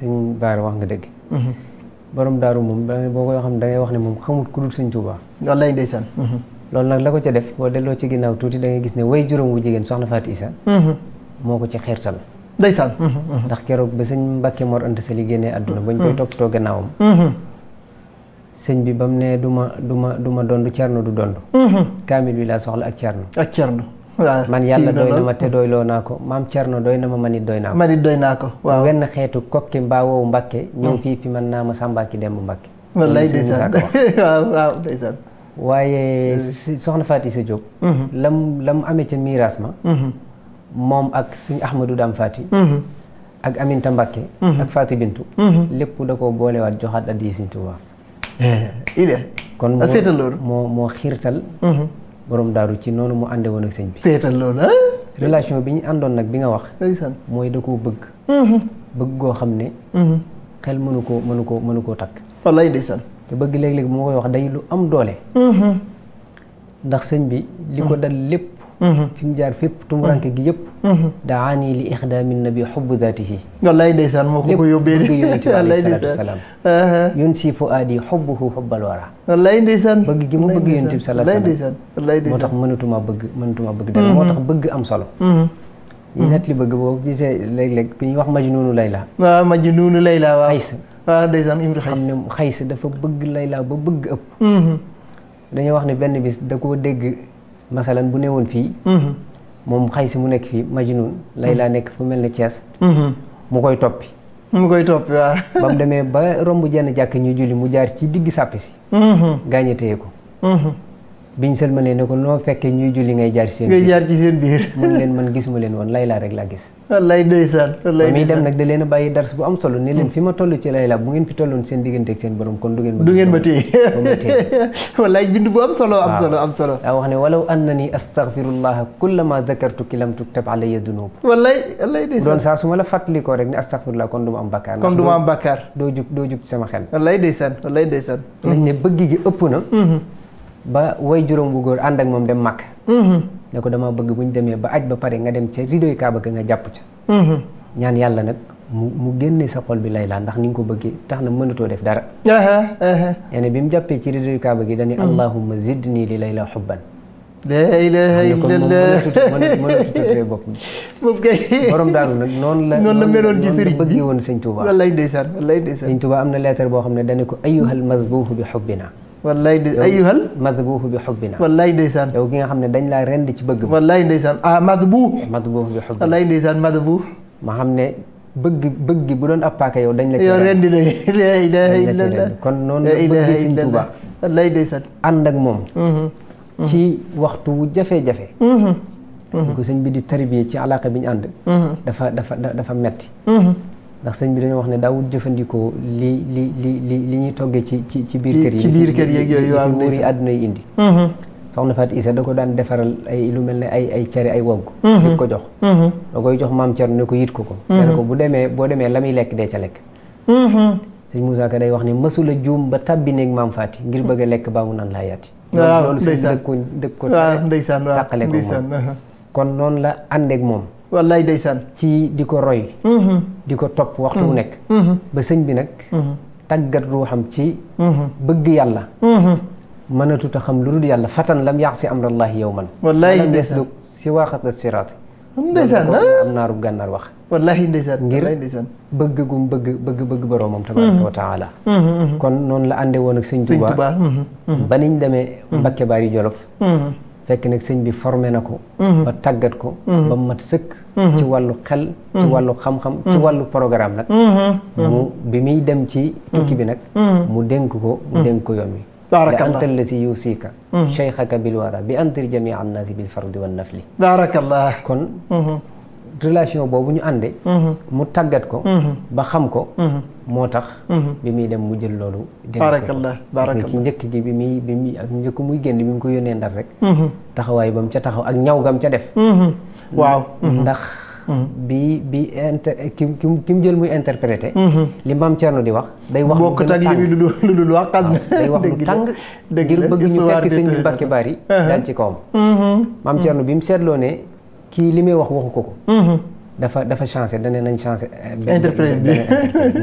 sëñ Baara wax nga dëgg. Mhm. borom daaru moom boo koy xam da ngay wax ne moom xamut ku dul sëñ Tuubaa. wallaay ndeysaan. Mhm. loolu nag la ko ca def boo delloo ci ginnaaw tuuti da ngay gis ne way juróom wu jigéen soxna Fatou Issa. Mhm. moo ko ci xeertal. ndeysaan. ndax keroog ba sëñ Mbacke Mor Anta Sali génnee àdduna bañ koy toppatoo ba mu ne du ma du ma du ma dondu cerno du dondu. kaamil bi laa soxla ak cerno. ak cerno. waaw man yàlla doy ma te doyloo naa ko maam Thierno doy na ma man it doy naa ko. man ko waaw wenn xeetu kokki mbaawoo Mbacke. Mm. ñëw fii fi mën naa ma sàmbaaki dem Mbacke. wallaay ndeysaan waaw waaw ndeysaan waaye soxna Faty Issa Diop. Mm-hmm. lam lam miiraas ma. Mm-hmm. moom ak sëñ Ahmadou Dame Faty. Mm-hmm. ak Aminta Mbacke. ak Faty Bintu. lépp da koo boolewaat joxaat addi sëñ Tuubaa. Eh, il est. moo moo borom daaru ci noonu mu ànde woon ak sëñ bi. seetal loolu ah. relation bi ñu àndoon nag bi nga wax. ndeysaan mooy da koo bëgg. Mm-hmm. bëgg goo xam ne. Mm-hmm. xel mënu ko mënu koo mënu koo takk. wallaay ndeysaan. te bëgg léeg-léeg moo koy wax day lu am doole. Mm-hmm. ndax sëñ bi. li ko dal lépp. Mm-hmm. fi mu jaar fépp tumuranke gi yëpp mm-hmm. daani li ixdaami nabi xubbu daatihi wallaay ndeysaan moo ko ko yóbbee bëgg yonente bi alayhi salaatu wasalaam uh-huh. yun si fu aadi xubbuhu xubbal wara wallaay ndeysaan bëgg gi mu bëgg yonente bi salaatu wallaay ndeysaan wallaay ndeysaan moo tax mënatuma bëgg mënatuma bëgg dara mm-hmm. moo tax bëgg am solo yi net li bëgg boobu gisee léeg-léeg ku ñuy wax majnuunu layla waaw ah, majnuunu layla waaw xays waaw ah, ndeysaan imru xays xam ne xays dafa bëgg layla ba bëgg ëpp dañoo wax ne benn bis da koo dégg masalan bu newoon fii mhm. moom xay si mu nekk fii Majnun Layla mhm. nekk fu mel ne Thiès mhm. mu koy toppi mu koy toppi waaw ba mu demee ba romb jenn jàkk ñu julli mu jaar ci digg sàppe si gaañe téye ko biñ sëlmalee ne ko noo fekkee ñuy julli ngay jaar ci seen biir ngay jaar ci seen biir. mun leen man gisuma leen woon layla rek laa gis. wallaay ndeysaan wallaay ndeysaan muy dem da leen a bàyyi dars bu am solo. ne leen mm. fi ma toll layla am solo am solo am solo. daa wax ne walaw annani astaghfirullaha kullama dhakartu kilam tuktab alayya dunub. wallaay wallaay ndeysaan doon saa su ma la rek ne astaghfirullah kon du ma am bakkaar. kon du doo jug doo jug ci sama xel. wallaay ndeysaan wallaay ndeysaan. gi ëpp na mm-hmm. ba way juróom bu góor ànd ak moom dem màkk mm-hmm. ne ko dama bëgg bu ñu demee ba aj ba pare nga dem ca ridoy kaaba ga nga jàpp ca mm-hmm. ñaan yàlla nag mu mu sa xol bi lay laa ndax ni ko bëggee tax na mënatoo def dara uh-huh, uh-huh. nee na bi mu jàppee ci ridoy kaaba gi dañuy mm. allahumma zidni li lay la xubban la ilaha illallah moom kay borom daaru nag noonu la noonu la meloon ci sëriñ bi bëggee woon sëñ Touba wallaay ndeysaan wallaay am na lettre boo xam ne dañu ko ayyuhal mazbuhu bi xubbina wallaay de ayuhal madbuuhu bi xubbina wallaay ndeysaan yow gi nga xam ne dañ laa rend ci bëgg wallaay ndeysaan ah madbuuh madbuuh bi xubbina ma xam ne bëgg bëgg bu doon appaaka yow dañ la yow rendi la la ilaha illallah kon noonu la bëgg Sëriñ Tuuba wallaay ndeysaan ànd ak moom mm-hmm. ci waxtu wu jafe-jafe ñu mm-hmm. ko bi di tarbiye ci alaaka bi ñu ànd mm-hmm. dafa dafa dafa metti ndax sëñ bi dañoo wax ne daawul jëfandikoo li li li li li ñuy toggee ci ci ci biir kër yi ci biir kër yeeg yooyu waaw nguur yi àdduna yi indi mm-hmm. soxna Faat Isa da ko daan defaral ay lu mel ne ay ay cere ay wogg mm-hmm. di ko jox mm-hmm. da koy jox maam cere ne ko yit ko ko ne ko bu demee boo demee la muy lekk dee ca lekk sëñ Moussa Ka day wax ne mësula juum ba tàbbi néeg maam Faati ngir bëgg a lekk baa mu naan laa yaati loolu sëñ dëkk ko dëkk ko tàqale ko moom uh-huh. kon noonu la àndeek moom wallaay ndeysaan ci di ko roy. Mm-hmm. di ko topp waxtu wu mm-hmm. nekk. Mm-hmm. ba sëñ bi nag. tàggat ruuxam ci. bëgg yàlla. mënatut a xam lu dul yàlla fatan lam yaax si amrallahi yow man. wallaay ndeysaan des si waaxat siraat. ndeysaan ah. am naaru gànnaar wax. wallaay ndeysaan ngir bëgg gum bëgg bëgg bëgg boroomam. tabaraka wa taala. kon noonu la àndee woon ak sëñ Tuubaa. ba niñ demee Baari Jolof. fekk nag sëñ bi formé na ko. Mhm. ba tàggat ko. Mhm. ba mat sëkk. Mhm. ci wàllu xel. ci wàllu xam-xam ci wàllu programme nag. mu bi muy dem ci. tukki bi nag. mu dénk ko mu dénk ko yoon wi. baarakallah antal la si yuusika. cheikhaka bilwara bi antir jamii annaasi bil fardi wan nafli. baarakallah kon. relation boobu ñu ànde mhm. mu tàggat ko mhm. ba xam ko mhm. moo tax bi muy dem mu jël loolu baarakallah baarakallah ci njëkk gi bi muy bi muy ak njëkk muy génn bi mu ko yónnee ndar rek taxawaay ba mu ca taxaw ak ñaw gam ca def waaw ndax bi bi inter kim kim kim jël muy interprété. li maam Thierno di wax. day wax lu gën a tàng li lu dul waxtaan. day wax uh-huh. ci kawam. maam Thierno bi mu seetloo ne. kii li muy wax waxu ko ko. Mm-hmm. dafa dafa changé dane nañ changé. Eh, interprète bi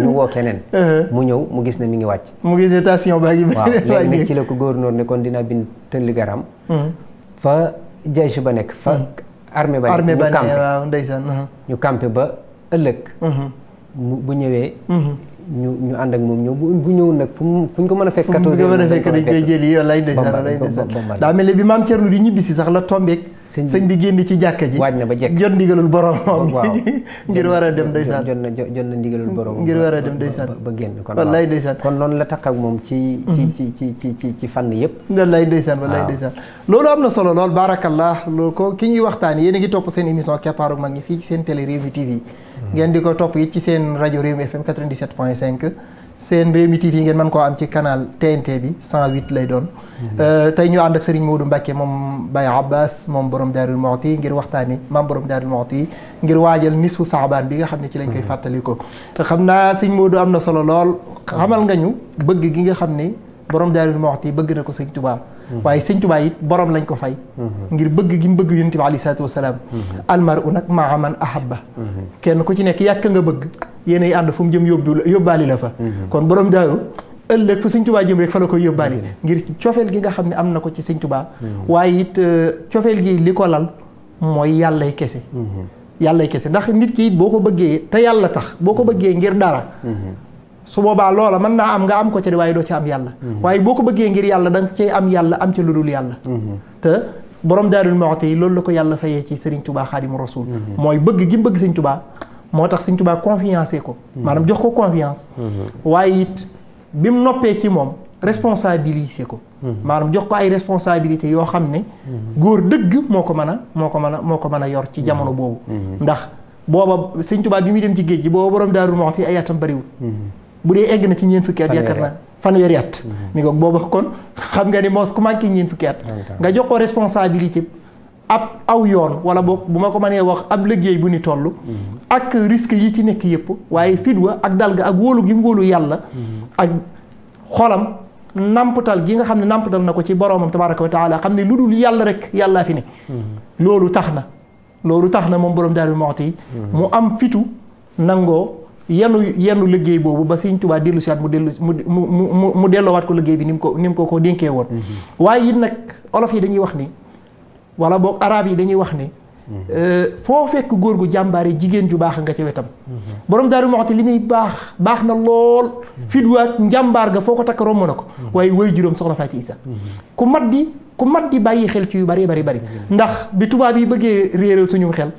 ñu woo keneen. Uh-huh. mu ñëw mu gis ne mi ngi wàcc. mu gis ne station baa ngi. waaw léegi nag ci la ko gouverneur kon dinaa bind tëlli garam. Mm-hmm. fa jaysh ba nekk fa. Mm-hmm. armée ba nekk uh-huh. ñu campé waaw ba ëllëg. bu ñëwee. ñu ñu ànd ak moom ñëw bu ñëwul nag fu fu ñu ko mën a fekk. 14 a fekk dañ koy jëli yow lay daa mel bi maam Thierno di ñibbi si sax la tombeek sëñ bi génn ci jàkka ji waaj na ba jekk jot ndigalul borom moom ngir war a dem ndeysaan jot na jot na ndigalul borom ngir war a dem ndeysaan ba génn kon wallaay ndeysaan kon loolu la tax ak moom ci ci mm-hmm. ci ci ci ci ci fànn yëpp wallaay ndeysaan wallaay ndeysaan loolu am na solo lool baarakallah loolu ko ki ñuy waxtaan yéen a ngi topp seen émission keppaaru mag ñi fii ci seen télé Rewmi TV mm-hmm. ngeen di ko topp yi ci seen rajo mi FM 97.5 seen Rewmi TV ngeen man koo am ci canal TNT bi 108 lay doon Euh, tey ñu ànd ak Serigne Modou Mbacke moom Baye Abbas moom borom Daarul Muxti ngir waxtaani maam borom Daarul Muxti ngir waajal nisfu saabaan bi nga xam ne ci lañ koy mhm. fàttaliko xam naa Serigne Modou am na solo lool xamal nga ñu bëgg gi nga xam ne borom Daarul Muxti bëgg na ko Serigne Touba mhm. waaye Serigne Touba it borom lañ ko fay mhm. ngir bëgg gi mu bëgg Yonent bi aleyhi salaatu wasalaam almaru nag maa man ahabba kenn ku ci nekk yàkk nga bëgg yéenay ànd fu mu jëm yóbbu yóbbaali la fa kon borom daaru ëllëg fu sëñ tubaa jëm rek fa la koy yóbbaale mm-hmm. ngir cofeel gi nga xam ne am na ko ci sëñ tubaa mm-hmm. waaye it euh, cofeel gi li ko lal mooy yàllay kese mm-hmm. yàllay kese ndax nit ki boo ko bëggee te yàlla tax boo ko bëggee ngir dara su boobaa loola mën naa am nga am ko ca waaye doo ca am yàlla waaye boo bëggee ngir yàlla danga cay am yàlla am ca lu dul yàlla te borom daarul muxti yi loolu la ko yàlla fayee ci Serigne Touba Xaadimu Rasuul mooy bëgg gi mu bëgg Serigne Touba moo tax Serigne tubaa confiancé ko maanaam jox ko confiance waaye it bi mu noppee ci moom responsabilisé ko mhm. maanaam jox ko ay responsabilité yoo xam ne mhm. góor dëgg moo ko mën a moo ko mën a moo ko mën a yor ci jamono mhm. boobu ndax booba sëñ Tuubaa bi muy dem ci géej gi booba borom Daaru Muxti ay atam bariwul bu dee egg na ci ñeent fukki at yaakaar naa fanweeri at mi ngoog booba kon xam nga ni moos ku manqué ñeent fukki at nga jox ko responsabilité ab aw yoon wala boog bu ma ko mënee wax ab liggéey bu ni toll mm-hmm. ak risque yi ci nekk yëpp waaye fidwa ak dal ga ak wóolu gi mu wóolu yàlla mm-hmm. ak xolam namputal gi nga xam ne namputal na ko ci boroomam tabaraka wa taala xam ne lu dul yàlla rek yàllaa fi ne mm-hmm. loolu tax na loolu tax na moom borom boroom Daaru Muxti mu am fitu nangoo yenu yenu liggéey boobu ba Sëriñ Tuubaa dellu siwaat mu dellu mu mu mu delloowaat ko liggéey bi ni mu ko ni mu ko ko dénkee woon waaye it nag olof yi dañuy wax ni wala boog araab yi dañuy wax ne mm-hmm. euh, foo fekk góor gu jàmbaare jigéen ju baax nga ca wetam mm-hmm. borom daaru moxti li muy baax baax na lool mm-hmm. fidwaat njàmbaar ga foo ko takk romb na ko waaye way juróom soxna Faati Isa ku mat di ku mat di bàyyi xel ci yu bari bari bari ndax bi tubaab yi bëggee réeral suñu xel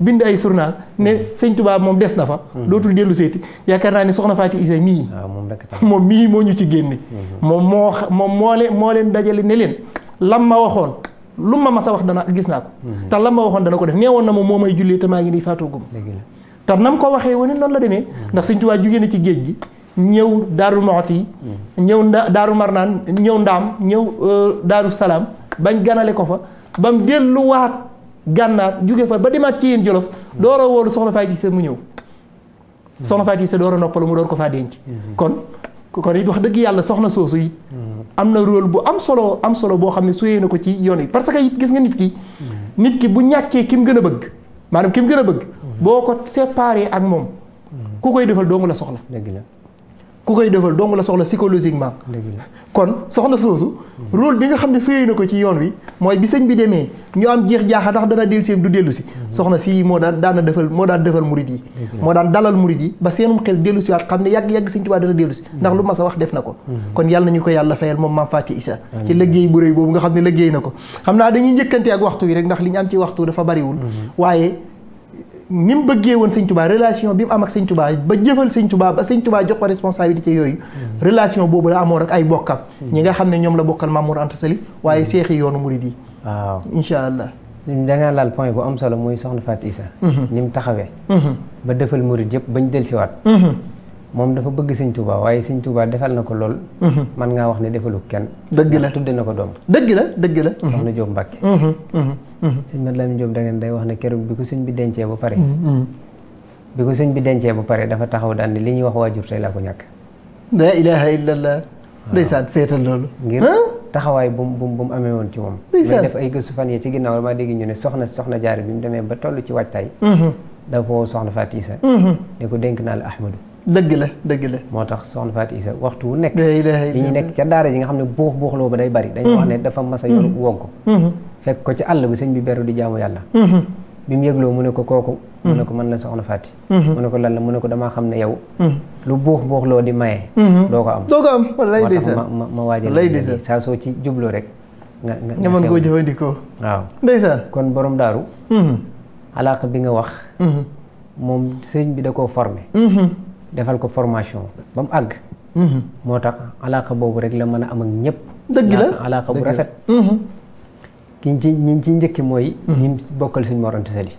bind ay journal ne sëñ tubaab moom des na fa dootul dellu seeti yaakaar naa ne soxna Faati Isa mii ah, moom mii moo ñu ci génne moom moo moom moo moo leen dajale ne leen lam ma waxoon lu ma ma a wax dana gis naa ko mhm. te la ma waxoon dana ko def nee woon na ma moo may jullee te maa ngi nii faatoogum te nam ko waxee wane noonu la demee mhm. ndax Sëñ Tuubaa jugee na ci géej gi ñëw daaru Moxti mhm. ñëw nda daaru Marnaan ñëw ndaam ñëw euh, daaru salaam bañ ganale ko fa ba mu waat gànnaar jóge fa ba demaat ci yéen jolof door a woolu soxna Faati Isa mu ñëw soxna Faati Isa doora noppalu mu door ko faa denc kon kon it wax dëgg yàlla soxna soosu yi mm. am na rôle bu am solo am solo boo xam ne suyee na ko ci yoon yi parce que it gis nga nit ki mm. nit ki bu ñàkkee ki mu gën a bëgg maanaam ki mu gën a bëgg mm. boo ko séparé ak moom ku koy defal doomu la soxla dëgg la ku koy defal dong la soxla psychologiquement. kon soxna soosu. rôle bi nga xam ne suyee na ko ci yoon wi mooy bi sëñ bi demee ñu am jeex jaaxa ndax dana dellu si du dellu si. soxna si moo daan daan defal moo daan defal murid yi. moo daan dalal murid ba seenum xel dellu si waat xam ne yàgg yàgg sëñ Tuubaa dana dellu si. ndax lu mas a wax def na ko. kon yàlla nañu ko yàlla fayal moom maam Faati Isa ci liggéey bu rëy boobu nga xam ne liggéey na ko. xam naa dañuy njëkkante ak waxtu wi rek li ñu am waxtu dafa bariwul waaye ni mu bëggee woon sëñ tubaa relation bi mu am ak sëñ tubaa ba jëfal sëñ tubaa ba sëñ tubaa jox ko responsabilité yooyu mm-hmm. relation boobu la amoon ak ay bokkam mm-hmm. ñi nga xam ne ñoom la bokkal Mamour Anta Sali waaye mm-hmm. seexi yoonu murid yi waaw incha allah da ngaa laal point bu am solo muy soxna Fatou Issa ni mu taxawee ba defal murid yëpp bañ delsiwaat moom dafa bëgg sëñ Touba waaye sëñ Touba defal na ko lool. Mhm. man ngaa wax ne defalu kenn. dëgg la tudde na ko doom. dëgg la dëgg la. soxna Diop mhm. Mbacke. Mhm, sëñ Mate Lamine Diop da ngeen day wax ne keroog bi ko sëñ bi dencee ba pare. bi ko sëñ bi dencee ba pare dafa taxaw daan ni li ñuy wax waajur tey laa ko ñàkk. la ilaha illallah. ndeysaan seetal loolu. ngir taxawaay bu mu bu mu amee woon ci moom. ndeysaan def ay gëstu fan yii ñu ne soxna soxna jaar bi mu demee ba toll ci waajtaay. dafa woo soxna Fatisa. ne ko dénk naa la Ahmadou dëgg la dëgg la moo tax soxna Faat Isa waxtu wu nekk li ñu nekk ca daara ji nga xam ne buux buuxloo ba day bari dañu wax ne mm-hmm. dafa mas a yor mm-hmm. wonk mm-hmm. fekk ko ci àll bi sëñ bi beru di jaamu yàlla bi mu yëgloo mu ko kooku mu ne ko man la soxna Faati mu ne ko lan la mu ne ko damaa xam ne yow lu buux buux loo di maye doo ko am doo ko am wallay ndeysaan ma ma waajal lay ndeysaan saa soo ci jubloo rek nga nga mën koo jëfandikoo waaw ndeysaan kon borom daaru alaaka bi nga wax moom sëñ bi da koo formé defal ko formation ba mu àgg. Mm-hmm. moo tax alaaka boobu rek la mën a am ak ñëpp. dëgg la alaaka bu rafet. Mm-hmm. ki ci ñi ci njëkki mooy. Mm-hmm. ñi bokkal suñu Mor Anta Sali.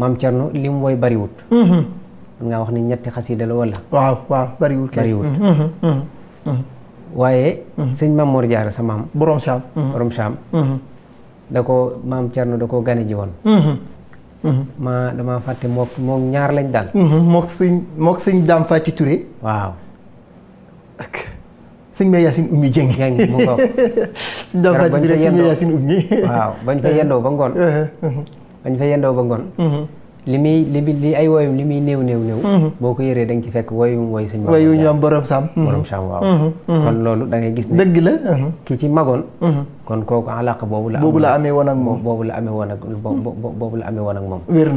maam Thierno li mu woy bariwut. mën ngaa wax ne ñetti xasida la wala. waaw waaw bariwut kay bariwut. waaye. maam Mor da ko maam Thierno da woon. Mm-hmm. ma damaa fàtte mook moom ñaar lañ daan. Mm-hmm. mook sëñ mook sëñ daam fàtti Touré. waaw. ak sëñ Mbaye Yacine Oumy Dieng. Dieng mu ngoog. sëñ daam fàtti Touré sëñ Mbaye Yacine Oumy. waaw bañ fa yendoo ba ngoon. Uh-huh, uh-huh. bañ fa yendoo ba ngoon. Mm-hmm. li muy li li ay woyum li muy néew néew néew mhm. boo ko yëree da nga ci fekk woyum woy suñ woyu ñoom borom saam mhm. borom saam waaw mhm. kon loolu da ngay gis ne dëgg la ki ci magoon kon kooku alaaka boobu la boobu la amee woon ak moom boobu la amee woon ak boobu moom wér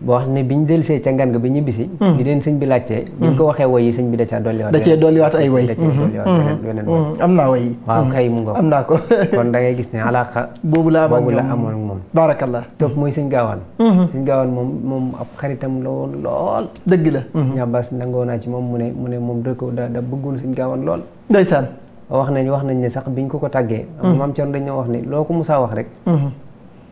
boo xam ne bi ñu dellusee ca ngan nga bi ñibbisi di hmm. leen sëñ bi laajtee bi ñu ko hmm. waxee woy yi sëñ bi da caa dolliwaat da cee dolliwaat ay woy da cee hmm. dolliwaat yeneen woy am naa woy yi waaw kay mu ngo am naa ko kon da ngay gis ne alaaka boobu la la amoon ak moom baarakallah topp mooy sëñ gaawaan sëñ gaawaan moom moom ab xaritam la woon lool dëgg la ñaabas nangoo naa ci moom mu ne mu ne moom da ko da da bëggoon sëñ gaawaan lool ndeysaan wax nañ wax nañ ne sax biñ ko ko tàggee maam Cerno dañ wax ne loo ko musaa wax rek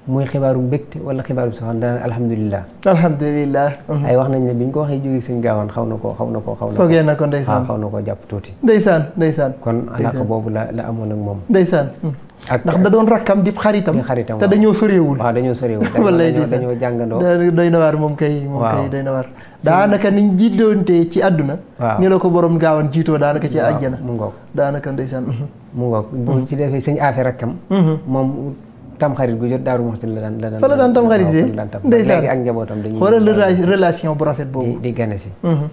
muy xibaaru mbégte wala xibaaru soxna daan alhamdulilah. alhamdulilah. Uh-huh. ay wax nañ ne bi ñu ko waxee jógee suñu gaawaan xaw na koo xaw na koo. sogee na ko ah, ndeysaan xaw na koo jàpp tuuti. ndeysaan ndeysaan. kon alaaka boobu la la amoon ak moom. ndeysaan. Hmm. ak ndax da doon rakkam di xaritam. xaritam te dañoo soreewul. waaw dañoo soreewul dañoo dañoo jàngandoo. na waar moom kay. moom kay doy na waar. daanaka niñ jiitoontee ci adduna waaw ni la ko borom gaawan jiitoo daanaka ci àjjana. mu ngoog daanaka ndeysaan. mu ngoog bu hmm. ci defee sëñ affaire rakkam. Hmm. moom tamxarit gu jot Daaru Muxti la daan la daan. fa la daan tamxarit si ndeysaan léegi ak njabootam dañuy. xoolal relation bu rafet boobu di gane si. Mhm.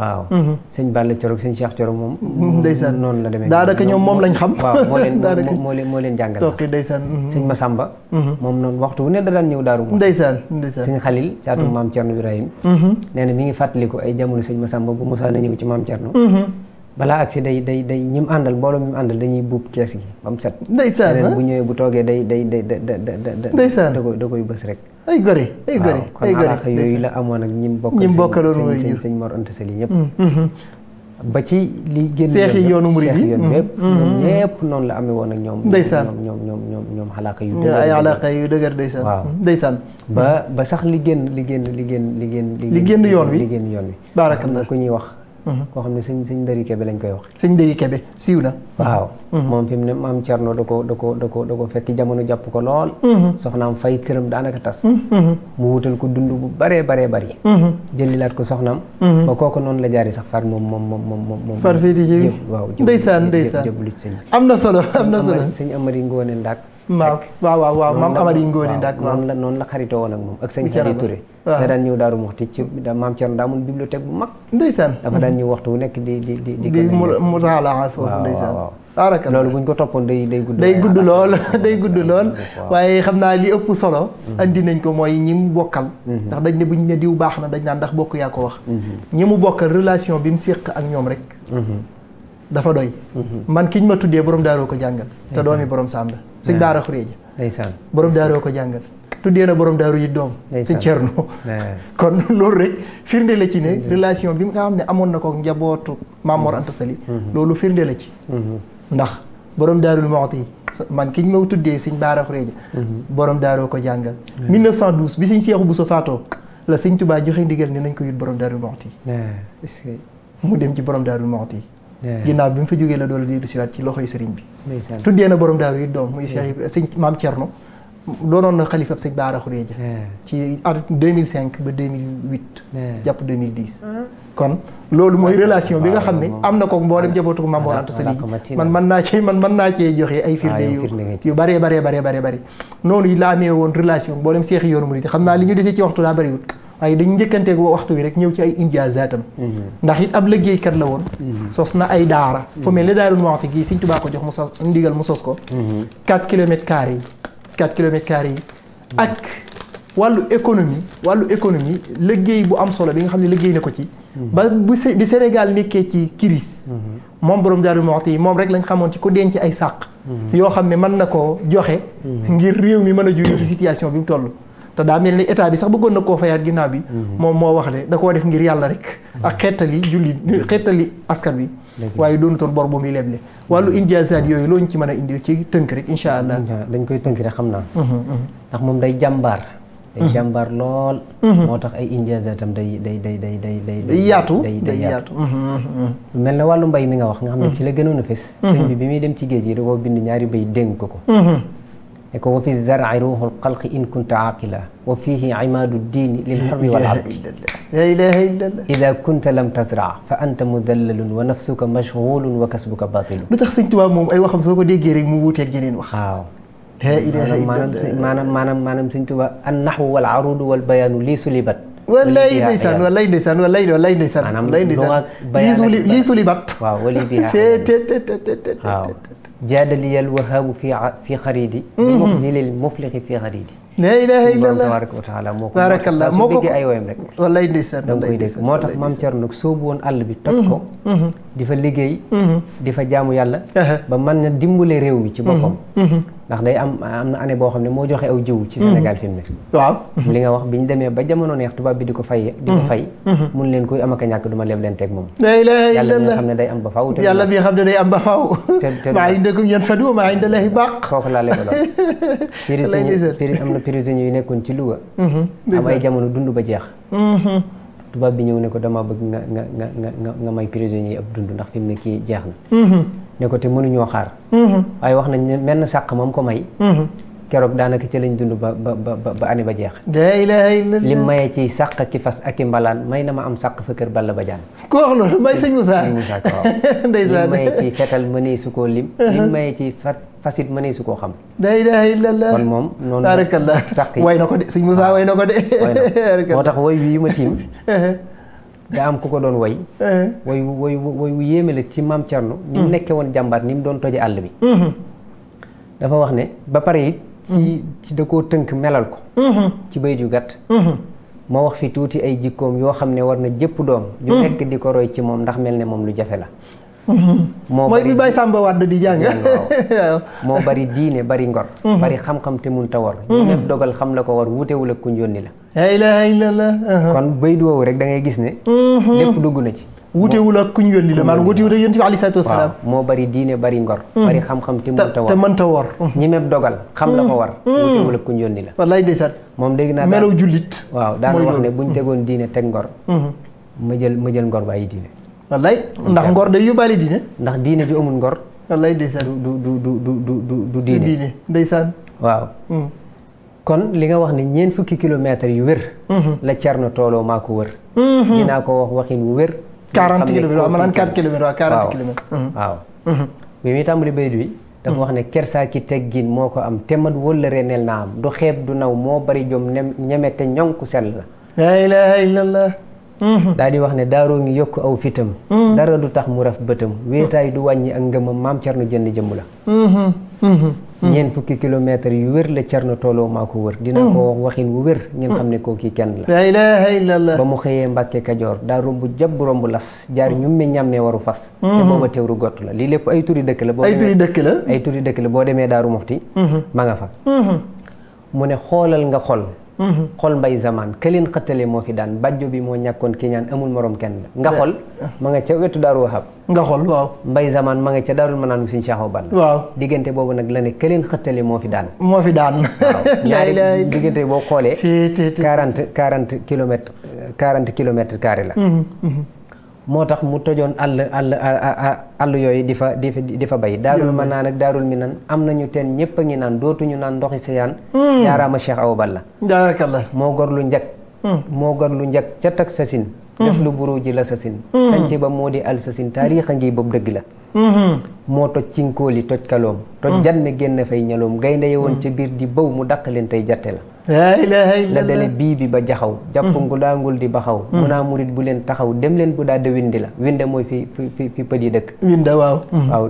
waaw. Mhm. sëñ Balla Corog sëñ Cheikh Corog moom. Mhm, ndeysaan noonu la demee. daanaka ñoom moom lañ xam. waaw moo leen moo leen moo leen ne daan ñëw Daaru Muxti. ndeysaan ndeysaan sëñ maam Thierno Ibrahim. nee na mi ngi ay jamono sëñ Massamba bu Moussa ñëw ci maam Thierno. balaa agsi day day day àndal mbooloo mi àndal dañuy buub kees gi ba set. Ah? bu ñëwee bu toogee day day day da da da. ndeysaan da koy da koy bës rek. ay gore ay gore ay gore kon yooyu la amoon ak ñi mu bokkal. ñi mu bokkaloon mooy ñëw sëñ Mor Anta Sali ñëpp. Mm, mm, mm. ba ci li génn seex yi yoonu murid yi yoon bépp ñoom ñëpp la amee woon ak ñoom ndeysaan ñoom ñoom ñoom ñoom xalaaka yu dëgër ay xalaaka yu dëgër ndeysaan waaw ndeysaan ba ba sax li génn li génn li génn li génn li génn yoon wi li génn yoon wi ko ñuy wax Mhm. koo xam ne sëñ sëñ Ndari Kebe lañ koy wax. sëñ Ndari Kebe siiw na. waaw mhm. moom fi mu ne maam Thierno da ko ko da ko da ko fekk jamono jàpp ko lool. Mhm. ko dund bu baree baree bari. jëlilaat ko soxnaam. ba kooku noonu la jaari sax far moom moom moom moom moom. far fii di ji waaw ndeysaan ndeysaan jébbalu ci sëñ bi. am na solo am na solo sëñ Amari Ngoone Ndak. waaw waaw waaw maam Amari la noonu la xaritoo woon ak ak sëñ Xadi Touré. da daan ñëw daaru muxti ci maam Thierno daa mun bibliothèque bu mag ndeysaan dafa daan ñëw waxtu wu nekk di di di di mutaalaa foofu ndeysaan waaw waaw loolu bu ñu ko toppoon day day gudd day gudd lool day gudd lool waaye xam naa li ëpp solo indi mhm. nañ ko mooy ñi mu bokkal mhm. ndax dañ ne buñ ne diw baax na dañ naan ndax bokk yaa ko wax mhm. ñi mu bokkal relation bi mu séq ak ñoom rek dafa doy man ki kiñ ma tuddee borom daaroo ko jàngal te doomi borom saam la sëñ daara xuréeja borom daaroo ko jàngal tuddee na borom daaru yi doom sëñ Thierno kon loolu rek firnde la ci ne mm-hmm. relation bi nga xam ne amoon na ko njabootu Mamor Anta Sali mm-hmm. loolu firnde la ci mm-hmm. ndax borom daarul Muxti man ki ma tuddee sëñ Baara Xureeja borom daaroo ko jàngal 1912 bi sëñ Seexu sa faatoo la sëñ Tuubaa joxe ndigal ne nañ ko yut borom daarul Muxti mu dem ci borom daarul Muxti ginnaaw bi mu fa jógee la doolu di siwaat ci loxoy sëriñ bi tuddee na borom daaru yi doom muy Cheikh Ibrahima sëñ Maam Thierno doonoon na xalifa sëñ Baara Khourédia ci at 2005 ba 2008. jàpp 2010. Mm-hmm. kon loolu mooy relation bi nga xam ne am na ko mboolem jabootu Maam Mor Anta Sali man mën naa cee man mën naa cee joxe ay ah, firnde yu yu bëree bëree bëree bëree bëri noonu la amee woon relation mboolem seexi yoonu murid xam naa li ñu desee ci waxtu daa bëriwul waaye dañu njëkkanteeg waxtu bi rek ñëw ci ay injazaatam mm-hmm. ndax it ab kat la woon mm-hmm. sos na ay daara fu mel ne Daaru Muxti gii Sëñ Tuubaa ko jox mu sos ndigal mu sos ko 4 kilomètres 4 kilomètres carrés yi ak wàllu économie wàllu économie liggéey bu am solo bi nga xam ne liggéey na ko ci mhm. ba bu bi Sénégal nekkee ci kiris mhm. moom borom Daaru Muxti yi moom rek lañ xamoon ci ku denc ay sàq mhm. yoo xam ne mën na koo joxe ngir réew mi mën a jóge ci situation bi mu toll te daa mel ni état bi sax bëggoon na koo fayaat ginnaaw bi moom moo wax le da koo def ngir yàlla rek ak xeetali julli xeetali askan bi waaye doonu toon bor bu muy leble wàllu injaasaat yooyu loo ñu ci mën a indil ci tënk incha allah dañ koy tënk rek xam naa mhm, mhm. ndax moom day jàmbaar day mhm. jàmbaar lool moo tax ay injaasaatam day day day day day day yaatu day yaatu mel na wàllu mbay mi nga wax nga xam ne ci la gënoon a fës sëñ bi bi muy dem ci géej gi da koo bind ñaari bay dénk ko ko ne ko wa fi zarci ruuxul xalqi in kunta aaqila wa fiihi imaadu diini lil xurri wal abdi laa ilaaha illallah ida kunta lam tazraa fa anta mudallalun wa nafsuka mashgulun wa kasbuka batilun lu tax sëñ Tuubaa moom ay waxam soo ko déggee rek mu wuuteeg yeneen wax waaw laa ilaaha illallah maanaam maanaam maanaam sëñ Tuubaa an naxwu wal aruudu wal bayaanu lii sulibat wallaay ndeysaan wallaay ndeysaan wallaay wallaay ndeysaan wallaay ndeysaan lii suli lii sulibat waaw wali bi te te te te waaw jaadaliyal wahaabu fi fi xaridi bi mm-hmm. muxdilil muflixi fi xaridi la ilaha illallah tabaraka wa taala moo ko barakallah moo ko ay woyam rek wallaay ndeysaan da koy dégg moo tax maam Cerno nag soobu woon àll bi toj ko mm-hmm. Mm-hmm. di fa liggéey jaamu yàlla uh-huh. ba mën na dimbale réew mi ci boppam ndax day am am na année boo xam ne moo joxe aw jiw ci mhm. Sénégal fi mu ne waaw li wax bi ñu demee ba jamono neex tubaab bi di ko fay mhm. Mhm. mun leen kuy am ak a ñàkk du moom yàlla bi nga xam ne day am ba faw yàlla bi nga xam ne day am ba faw maa indakum yanfadu wa maa inda llaahi baaq foofu laa lebaloon prisonnier am na prisonnier yu nekkoon ci Louga am ay jamono dund ba jeex tubaab bi ñëw ne ko dama bëgg nga nga nga nga nga may prisonnier yi ab dund ndax fi mu ne kii jeex na ne ko te mënuñoo xaar. Mm-hmm. waaye wax nañ ne menn sàq moom ko may. Mm-hmm. keroog daanaka ci lañ dund ba ba ba ba année ba jeex. la ilaha illallah lim maye ci sàq ki fas ak i mbalaan may na ma am sàq fa kër Balla Badiane. ku wax loolu may sëñ Moussa. ndeysaan lim maye ci fetal mënee su koo lim. Mm-hmm. lim maye ci fat fasit mënee su koo xam. la ilaha illallah kon moom. noonu la sàq yi way na ko de sëñ tax way wii ma tiim. Uh-huh. daa am ku ko doon woy eh. woy way way wu yéeme la ci maam Thierno mm. ni mu nekkee woon jàmbaar ni mu doon toje àll bi mm-hmm. dafa wax ne ba pare it ci mm. da koo tënk melal ko mm-hmm. ci bayit yu gàtt moo mm-hmm. wax fi tuuti ay jikkoom yoo xam ne war na jëpp doom ju mm. nekk di ko roy ci moom ndax mel ne moom lu jafe la mooy bi Baye Samba Wade di jàng moo bari diine bari ngor mhm. bari xam-xam te mun ta war mhm. xam la ko war wutewul ak kuñ yónni la la ilaha illallah uh-huh. kon baydu woowu rek da ngay gis ne mhm. dugg na ci wutewul ak kuñ yónni la maanaam wutewul ak yonent bi alayhi moo bari diine bari ngor bari xam-xam te mun ta war te mën ta war ñi mépp dogal xam la ko war wutewul ak la wallaay ndeysaan moom dégg naa melaw waaw daana wax ne buñ tegoon diine teg ngor ma jël ma jël diine wallaay ndax ngor day yóbbaale diine. ndax diine ju amul ngor. wallaay ndeysaan du du du diine diine ndeysaan waaw. Mm. kon li nga wax ne ñeent fukki kilomètres yu wér. Mm-hmm. la Thierno Toolo maa ko wër. dinaa mm-hmm. ko wax waxin wu wér. 40 waaw ma naan 4 waaw 40 kilomètres. waaw mm-hmm. bi muy tàmbali dafa wax ne kersaa ki teggin moo ko am temat wëllëre neel naa am du xeeb du naw moo bari jom ñeme te ñoŋ sell la. la ilaha illallah. Mhm. daal di wax ne daaroo ngi yokk aw fitam mhm. dara du tax mu raf bëtam wéetaay du wàññi ak ngëmam maam Cerno jënd jëmm la mhm. ñeent fukki kilomètres yu wér la Cerno tooloo maa ko wër dina ko wax waxin wu wér ngeen xam ne kooki kenn la la ba mu xëyee Mbàkke Kajoor daa romb jàpp romb las jaar ñumme ñàmmee waru fas te booba teewru gott la lii lépp ay turi dëkk la boo ay turi dëkk boo demee Daaru Muxti ma nga fa mu ne xoolal nga xol xool mbay zaman ke leen xëttale moo fi daan bajo bi moo ñàkkoon ki ñaan amul moroom kenn nga xool eh. ma nga ca wetu daaru waxab nga xool waaw mbay zaman ma nga ca daarul manaan bu suñu Cheikh Ban waaw diggante boobu nag la ne ke leen xëttale moo fi daan moo fi daan ñaari diggante boo xoolee quarante quarante kilomètres quarante kilomètres carré la mm-hmm, mm-hmm. moo tax mu tojoon àll àll yooyu di fa di fa di fa bay daarul ma naan ak daarul mi nan am ñu teen ñëpp a ngi naan dootuñu naan ndoxi seyaan yaaraama hmm. Cheikh aw Balla jaarakallah moo gor lu njag hmm. moo gor lu njag ca tak sasin hmm. def lu buru ji la sasin sanc ba moo di al sasin taarix a ngi boobu dëgg la moo toj cinkóoli toj kaloom toj jatme génn fay ñaloom gaynde yewoon ca biir di bëw mu daq leen tey jatte la la dale bii bi ba jaxaw jàpp ngulaangul mm-hmm. di ba xaw mm-hmm. mu naa murit bu leen taxaw dem leen bu daa de windi la winde mooy fi fi fi pël dëkk winde waaw mm-hmm. waaw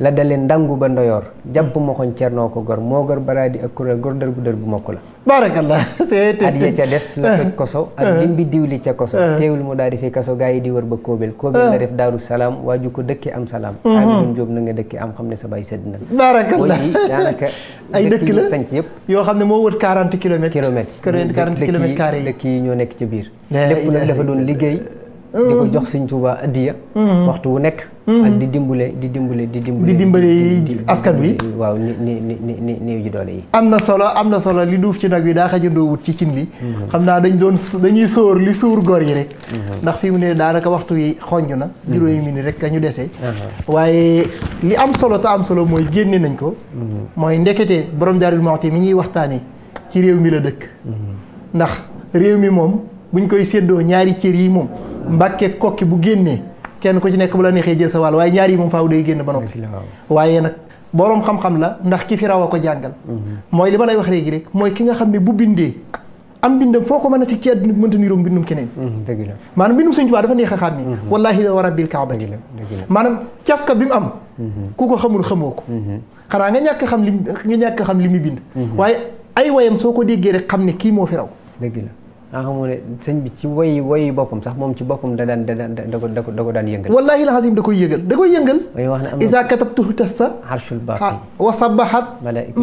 la dale ndangu ba ndoyoor jàpp moxoñ cernoo ko gor moo gor baraadi ak kuréel gor dër bu dër bu mokk la baarakallah at ya ca des la toj koso ak limbi diwli ca koso uh-huh. teewul mu daal di kaso gaa yi di wër ba koobel koobel la uh-huh. def daaru salaam waaju ko dëkki am salaam uh-huh. amidoon jóob na nga dëkki am xam ne sa bàyyi sëdd na baarakallah yi daanaka ay dëkk la sanc yëpp yoo xam ne moo wër 40 kilomètres kilomètres 40 kilomètres carré dëkk yi ñoo nekk ci biir lépp nag dafa doon liggéey di ko mmh. jox sëñ Tuuba addiya mmh. waxtu wu nekk mmh. ak di dimbale di dimbale di dimbale di dimbale askan wi waaw ni ni ni ni néew am na solo am na solo li duuf ci nag bi daa xajandoo wut ci cin bi xam naa dañ doon dañuy sóor li suur góor yi rek ndax fi mu ne daanaka waxtu yi xonj na juróomi minute rek a ñu desee waaye li am solo te am solo mooy génne nañ ko mooy ndekete borom Daaru Muxti mi ñuy waxtaane ci réew mi la dëkk ndax réew mi moom buñ koy séddoo ñaari cër yi moom mbàkke kokki bu génnee kenn ku ci nekk bu la neexee jël sa wàll waaye ñaar yi moom faaw day génn ba noppi waaye nag boroom xam-xam la ndax ki fi raw a ko jàngal mhm. mooy li ma lay wax reegi rek mooy ki nga xam ne bu bindee am bindam foo ko mën a teg ci àdduna bi mënta niroog mbindum keneen mhm, dëgg la maanaam mbindum Sëñ Tuubaa dafa neex a xàmme mhm. wallaahi la war a bil kaabati maanaam cafka bi mu am ku ko xamul xamoo ko xanaa nga ñàkk xam li nga ñàkk xam li mu bind waaye ay wayam soo ko déggee rek xam ne kii moo fi raw dëgg la Ah, nga ci woy woy boppam sax moom ci boppam da daan da daan da ko da ko daan yëngal wallaahi laazim da koy yëngal da koy yëngal isa katabtuhu tassa arshul baaqi wa sabahat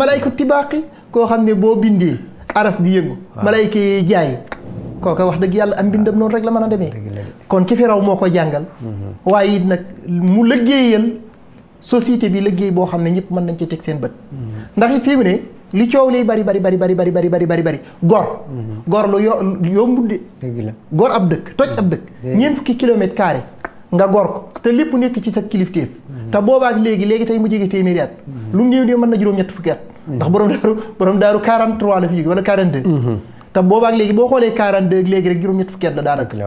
malaayku tibaaqi koo xam ne boo bindee aras di yëngu malaayka yi jaay kooka wax dëgg yàlla am mbindam noonu rek la mën a demee kon ki fi raw moo ko jàngal mm-hmm. waaye it nag mu liggéeyal société bi liggéey boo xam ne ñëpp mën nañ ci teg seen bët. Mm-hmm. ndax it fii mu ne li coow lay bari bari bari bari bari bari bari bari gor. Mm-hmm. gor lu yo yomb de. dëgg la gor ab dëkk toj ab dëkk. ñeent fukki kilomètre carré nga gor ko te lépp nekk ci sa kilifteef. Mm-hmm. te boobaak léegi léegi tey mu jege téeméeri at. lu mu néew na juróom-ñett fukki at. ndax borom daaru borom daaru 43 la fi jóge wala 42. te boobaak léegi boo xoolee 42 léegi rek juróom-ñett fukki at la daanaka.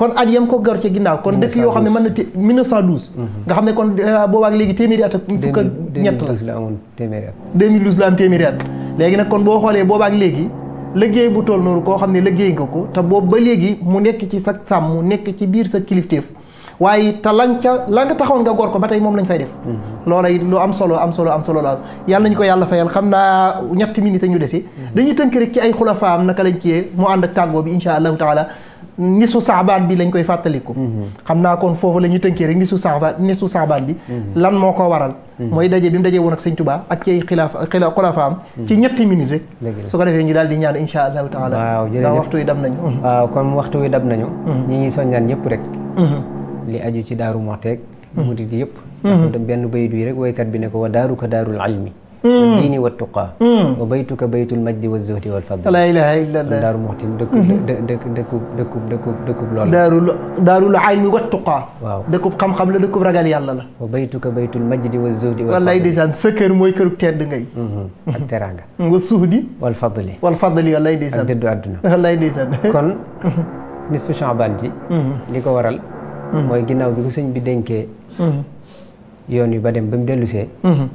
kon at yam ko gar ci ginnaaw kon dëkk yoo xam ne mën na te 1912 mhm. nga xam ne kon euh, boobaak léegi téeméeri at ak fukk ak ñett la 2012 la am téeméeri léegi nag kon boo xoolee boobaak léegi liggéey bu toll noonu koo xam ne liggéey nga ko te boobu ba léegi mu nekk ci sa sàmm mu nekk ci biir sa kilifteef waaye te lan ca la nga nga gor ko ba tey moom lañ fay def mhm. loola it lu am solo am solo am solo la yàlla nañu ko yàlla fayal xam naa ñetti minutes ñu dese mhm. dañuy tënk rek ci ay am naka lañ cee mu ànd ak tàggoo bi insha allahu taala nisu saabaan bi lañ koy fàttaliku. Mhm. xam naa kon foofu la ñu tënkee rek nisu saabaan nisu saabaan bi. Mhm. lan moo ko waral. Mhm. mooy daje bi mu daje woon ak sëñ Tuubaa ak ci ay xilaaf xila xulafaam ci ñetti minute rek. su ko defee ñu daal di ñaan incha allahu taala. waaw jërëjëf waxtu wi dab nañu. waaw kon waxtu wi dab nañu. ñi ngi soññaan ñëpp rek. li aju ci daaru Muxti ak. murit gi yëpp. ndax benn bayit wi rek woykat bi ne ko wa daaru ka daarul ilmi wa diini wa tuqaa wa baytuka baytul majdi wa zuhdi wal fadli laa ilaaha illa Allah daaru muxtin dëkkub dëkkub dëkkub dëkkub dëkkub loolu daarul daarul ayni wa tuqaa waaw dëkkub xam la dëkkub ragal yàlla la wa baytuka baytul majdi wa zuhdi wallaay ndeysaan sa kër mooy kërug tedd ngay ak teraanga wa zuhdi wal fadli wal fadli wallaay ndeysaan ak dëddu àdduna wallaay ndeysaan kon nisfu Chaabaan ji li ko waral hmm. mooy ginnaaw bi ko sëñ bi dénkee hmm. yoon yu ba dem ba mu dellusee hmm.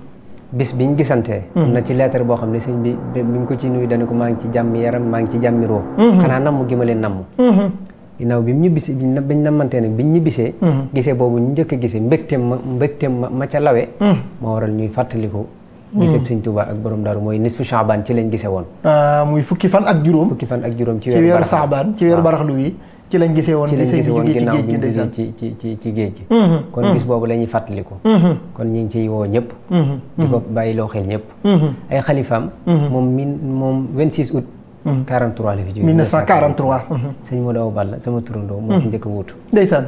bis biñ gisantee mm-hmm. na ci lettre boo xam ne sëñ bi bi ko maa ngi ci jàmm roo mm-hmm. xanaa namm gi ma leen namm mm-hmm. ginnaaw bi ñu bisee biñ biñ nammantee nag biñ ñu bisee gisee boobu ñu njëkk a gisee mbégteem ma mbégteem ma ca lawe moo waral ñuy fàttaliku gisee sëñ Touba ak borom daaru mooy nisfu Chaabaan ci lañ gise woon ah, muy fukki fan ak juróom fukki fan ak ci weeru Saabaan ci weeru ah. ci lañ gisee woon ci lañ gisee woon ginnaaw bi ñu ci ci ci ci géej gi mm-hmm. kon mm-hmm. bis boobu la ñuy fàttaliku mm-hmm. kon ñu ngi ciy woo ñëpp di ko bàyyi loo xel ñëpp ay xalifaam moom min moom 26 août 43 la fi jógee 1943 sëñ Modou Awa Balla sama turandoo moo fi njëkk a wuutu ndeysaan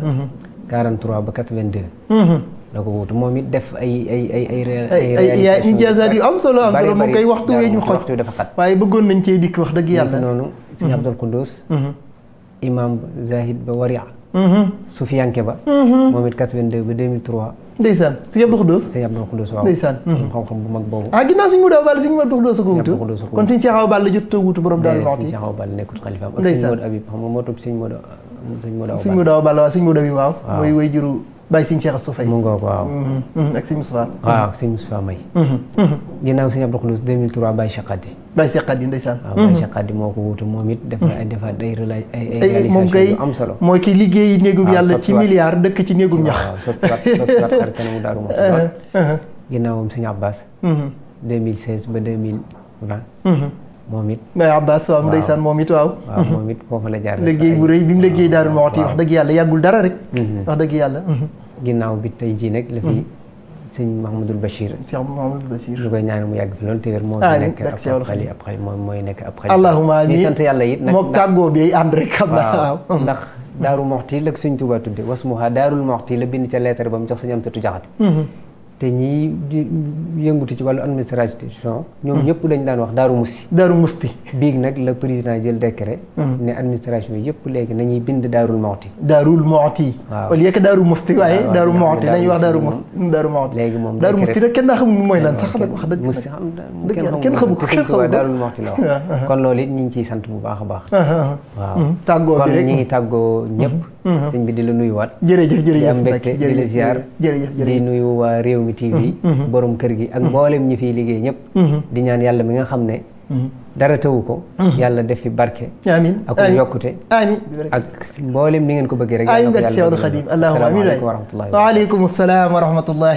43 ba 82 la ko wuutu moom it def ay ay ay ay ay ijaasaat yu am solo am solo moom koy waxtu wee ñu xoj waaye bëggoon nañ cee dikk wax dëgg yàlla noonu sëñ Abdul Koudous imam ba Zahid ba Waria. Mhm. Sufiyanke ba. Mhm. moom it 82 ba 2003. ndeysaan sëñ Abdou Khoudous. sëñ Abdou Khoudous waaw ndeysaan. Mhm. xam-xam bu mag boobu. ah ginnaaw sëñ Modou Awa Balla sëñ Modou Khoudous ko wutu. kon sëñ Cheikh Awa Balla jot a wutu borom nekkut xalifaam. ndeysaan ak sëñ Modou Habib xam nga moo topp sëñ Modou. sëñ Modou Awa waaw sëñ way juru bàyyi sëñ Cheikh Astou Faye mu ngoog waaw mm-hmm. Mm-hmm. ak sëñ Moustapha waaw sëñ Moustapha May mm-hmm. ginnaaw sëñ Abdou Khoudous 2003 bàyyi Cheikh Khady bàyyi Cheikh Khady ndeysaan waaw bàyyi Cheikh Khady moo ko wuutu moom it dafa ay defaat ay réalisation yu am solo mooy ki liggéey néegub ah, yàlla ci milliard dëkk ci néegub ñax sottiwaat xar kanamu daaru ma lool uh-huh, uh-huh. ginnaawam sëñ Abbas 2016 ba 2020 moom it Baye Abbas waaw ndeysaan moom it waaw waaw moom it foofu la jaar liggéey bu rëy bi mu liggéey Daaru Muxti wax dëgg yàlla yàggul dara rek mhm. wax dëgg yàlla ginnaaw bi tey jii nag la fi mhm. sëñ Mahamadoul Bachir sëñ Mahamadoul Bachir ñu koy ñaan mu yàgg fi loolu téwér moo nekk ab xali ab xali moom mooy nekk ab xali allahumma amiin sant yàlla it nag mook tàggoo bi ànd rek xam naa waaw ndax Daaru Muxti la suñ Tuubaa tudde wasmuha Daarul Muxti la bind ca lettre ba mu jox sëñ Amsatu Jaxate mhm. te ñi yëngutu ci wàllu administration. ñoom hmm. ñëpp dañ daan wax daaru musti daaru musti biig nag la président jël décret hmm. ne administration yëpp léegi nañuy bind daarul mawti daarul mawti waaw wala yekk daaru musti waaye daaru mawti nañu wax daaru musti daaru mawti léegi moom daaru musti nag kenn daa xamul mooy lan sax nag wax dëgg musti xam dëgg kenn xamu ko kenn xamu ko daarul mawti la wax uh-huh. kon loolu it ñi ngi sant bu baax a baax uh-huh. waaw hmm. tàggoo bi ñi ngi tàggoo ñëpp uh-huh. bi di la nuyuwaat jërëjëf jërëjëf di am mbégte di la ziar jërëjëf di nuyu waa réew mi TV. Mm-hmm. Mm-hmm. borom kër gi ak mm-hmm. mboolem ñi fiy liggéey ñëpp. di ñaan yàlla mi nga xam ne. dara tawu ko. yàlla def fi barke. amiin ak yokkute. amiin ak mboolem ni ngeen ko bëggee rek. amiin barke Seydou Khadim allahumma amiin asalaamaaleykum wa rahmatullahi.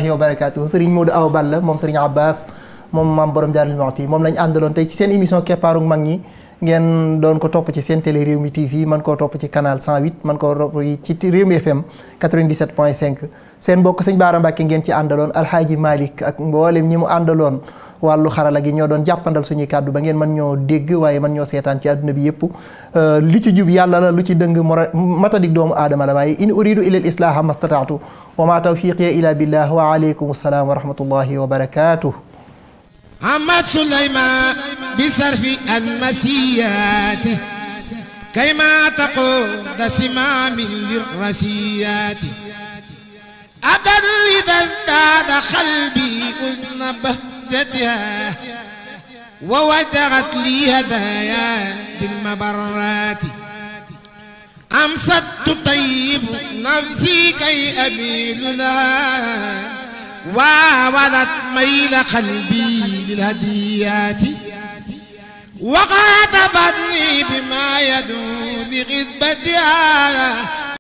waaleykum salaam wa moom Serigne Abbas moom maam borom Darou moom lañ àndaloon tey ci seen émission keppaaru mag ñi. ngeen doon ko topp ci seen télé Rewmi TV man koo topp ci canal 108 man koo topp ci Rewmi FM 97.5 seen mbokk sëñ Baara Mbàkke ngeen ci àndaloon Alxaaji Malick ak mboolem ñi mu àndaloon wàllu xarala gi ñoo doon jàppandal suñuy kàddu ba ngeen man ñoo dégg waaye man ñoo seetaan ci àdduna bi yëpp euh, lu ci jub yàlla la lu ci mata matadik doomu aadama la waaye in uridu ila l islaaha mastataatu wa ma tawfiqi ila billah wa aleykum assalaam wa rahmatullahi wa barakatuh Ahmad Sulaiman بصرف المسيات كيما تقود سمام للرسيات أدل إذا ازداد قلبي أذن بهجتها ووجهت لي هدايا بالمبرات أمسدت طيب نفسي كي أميل لها واعرضت ميل قلبي للهديات وخاطبتني بما يدعو لغذبتها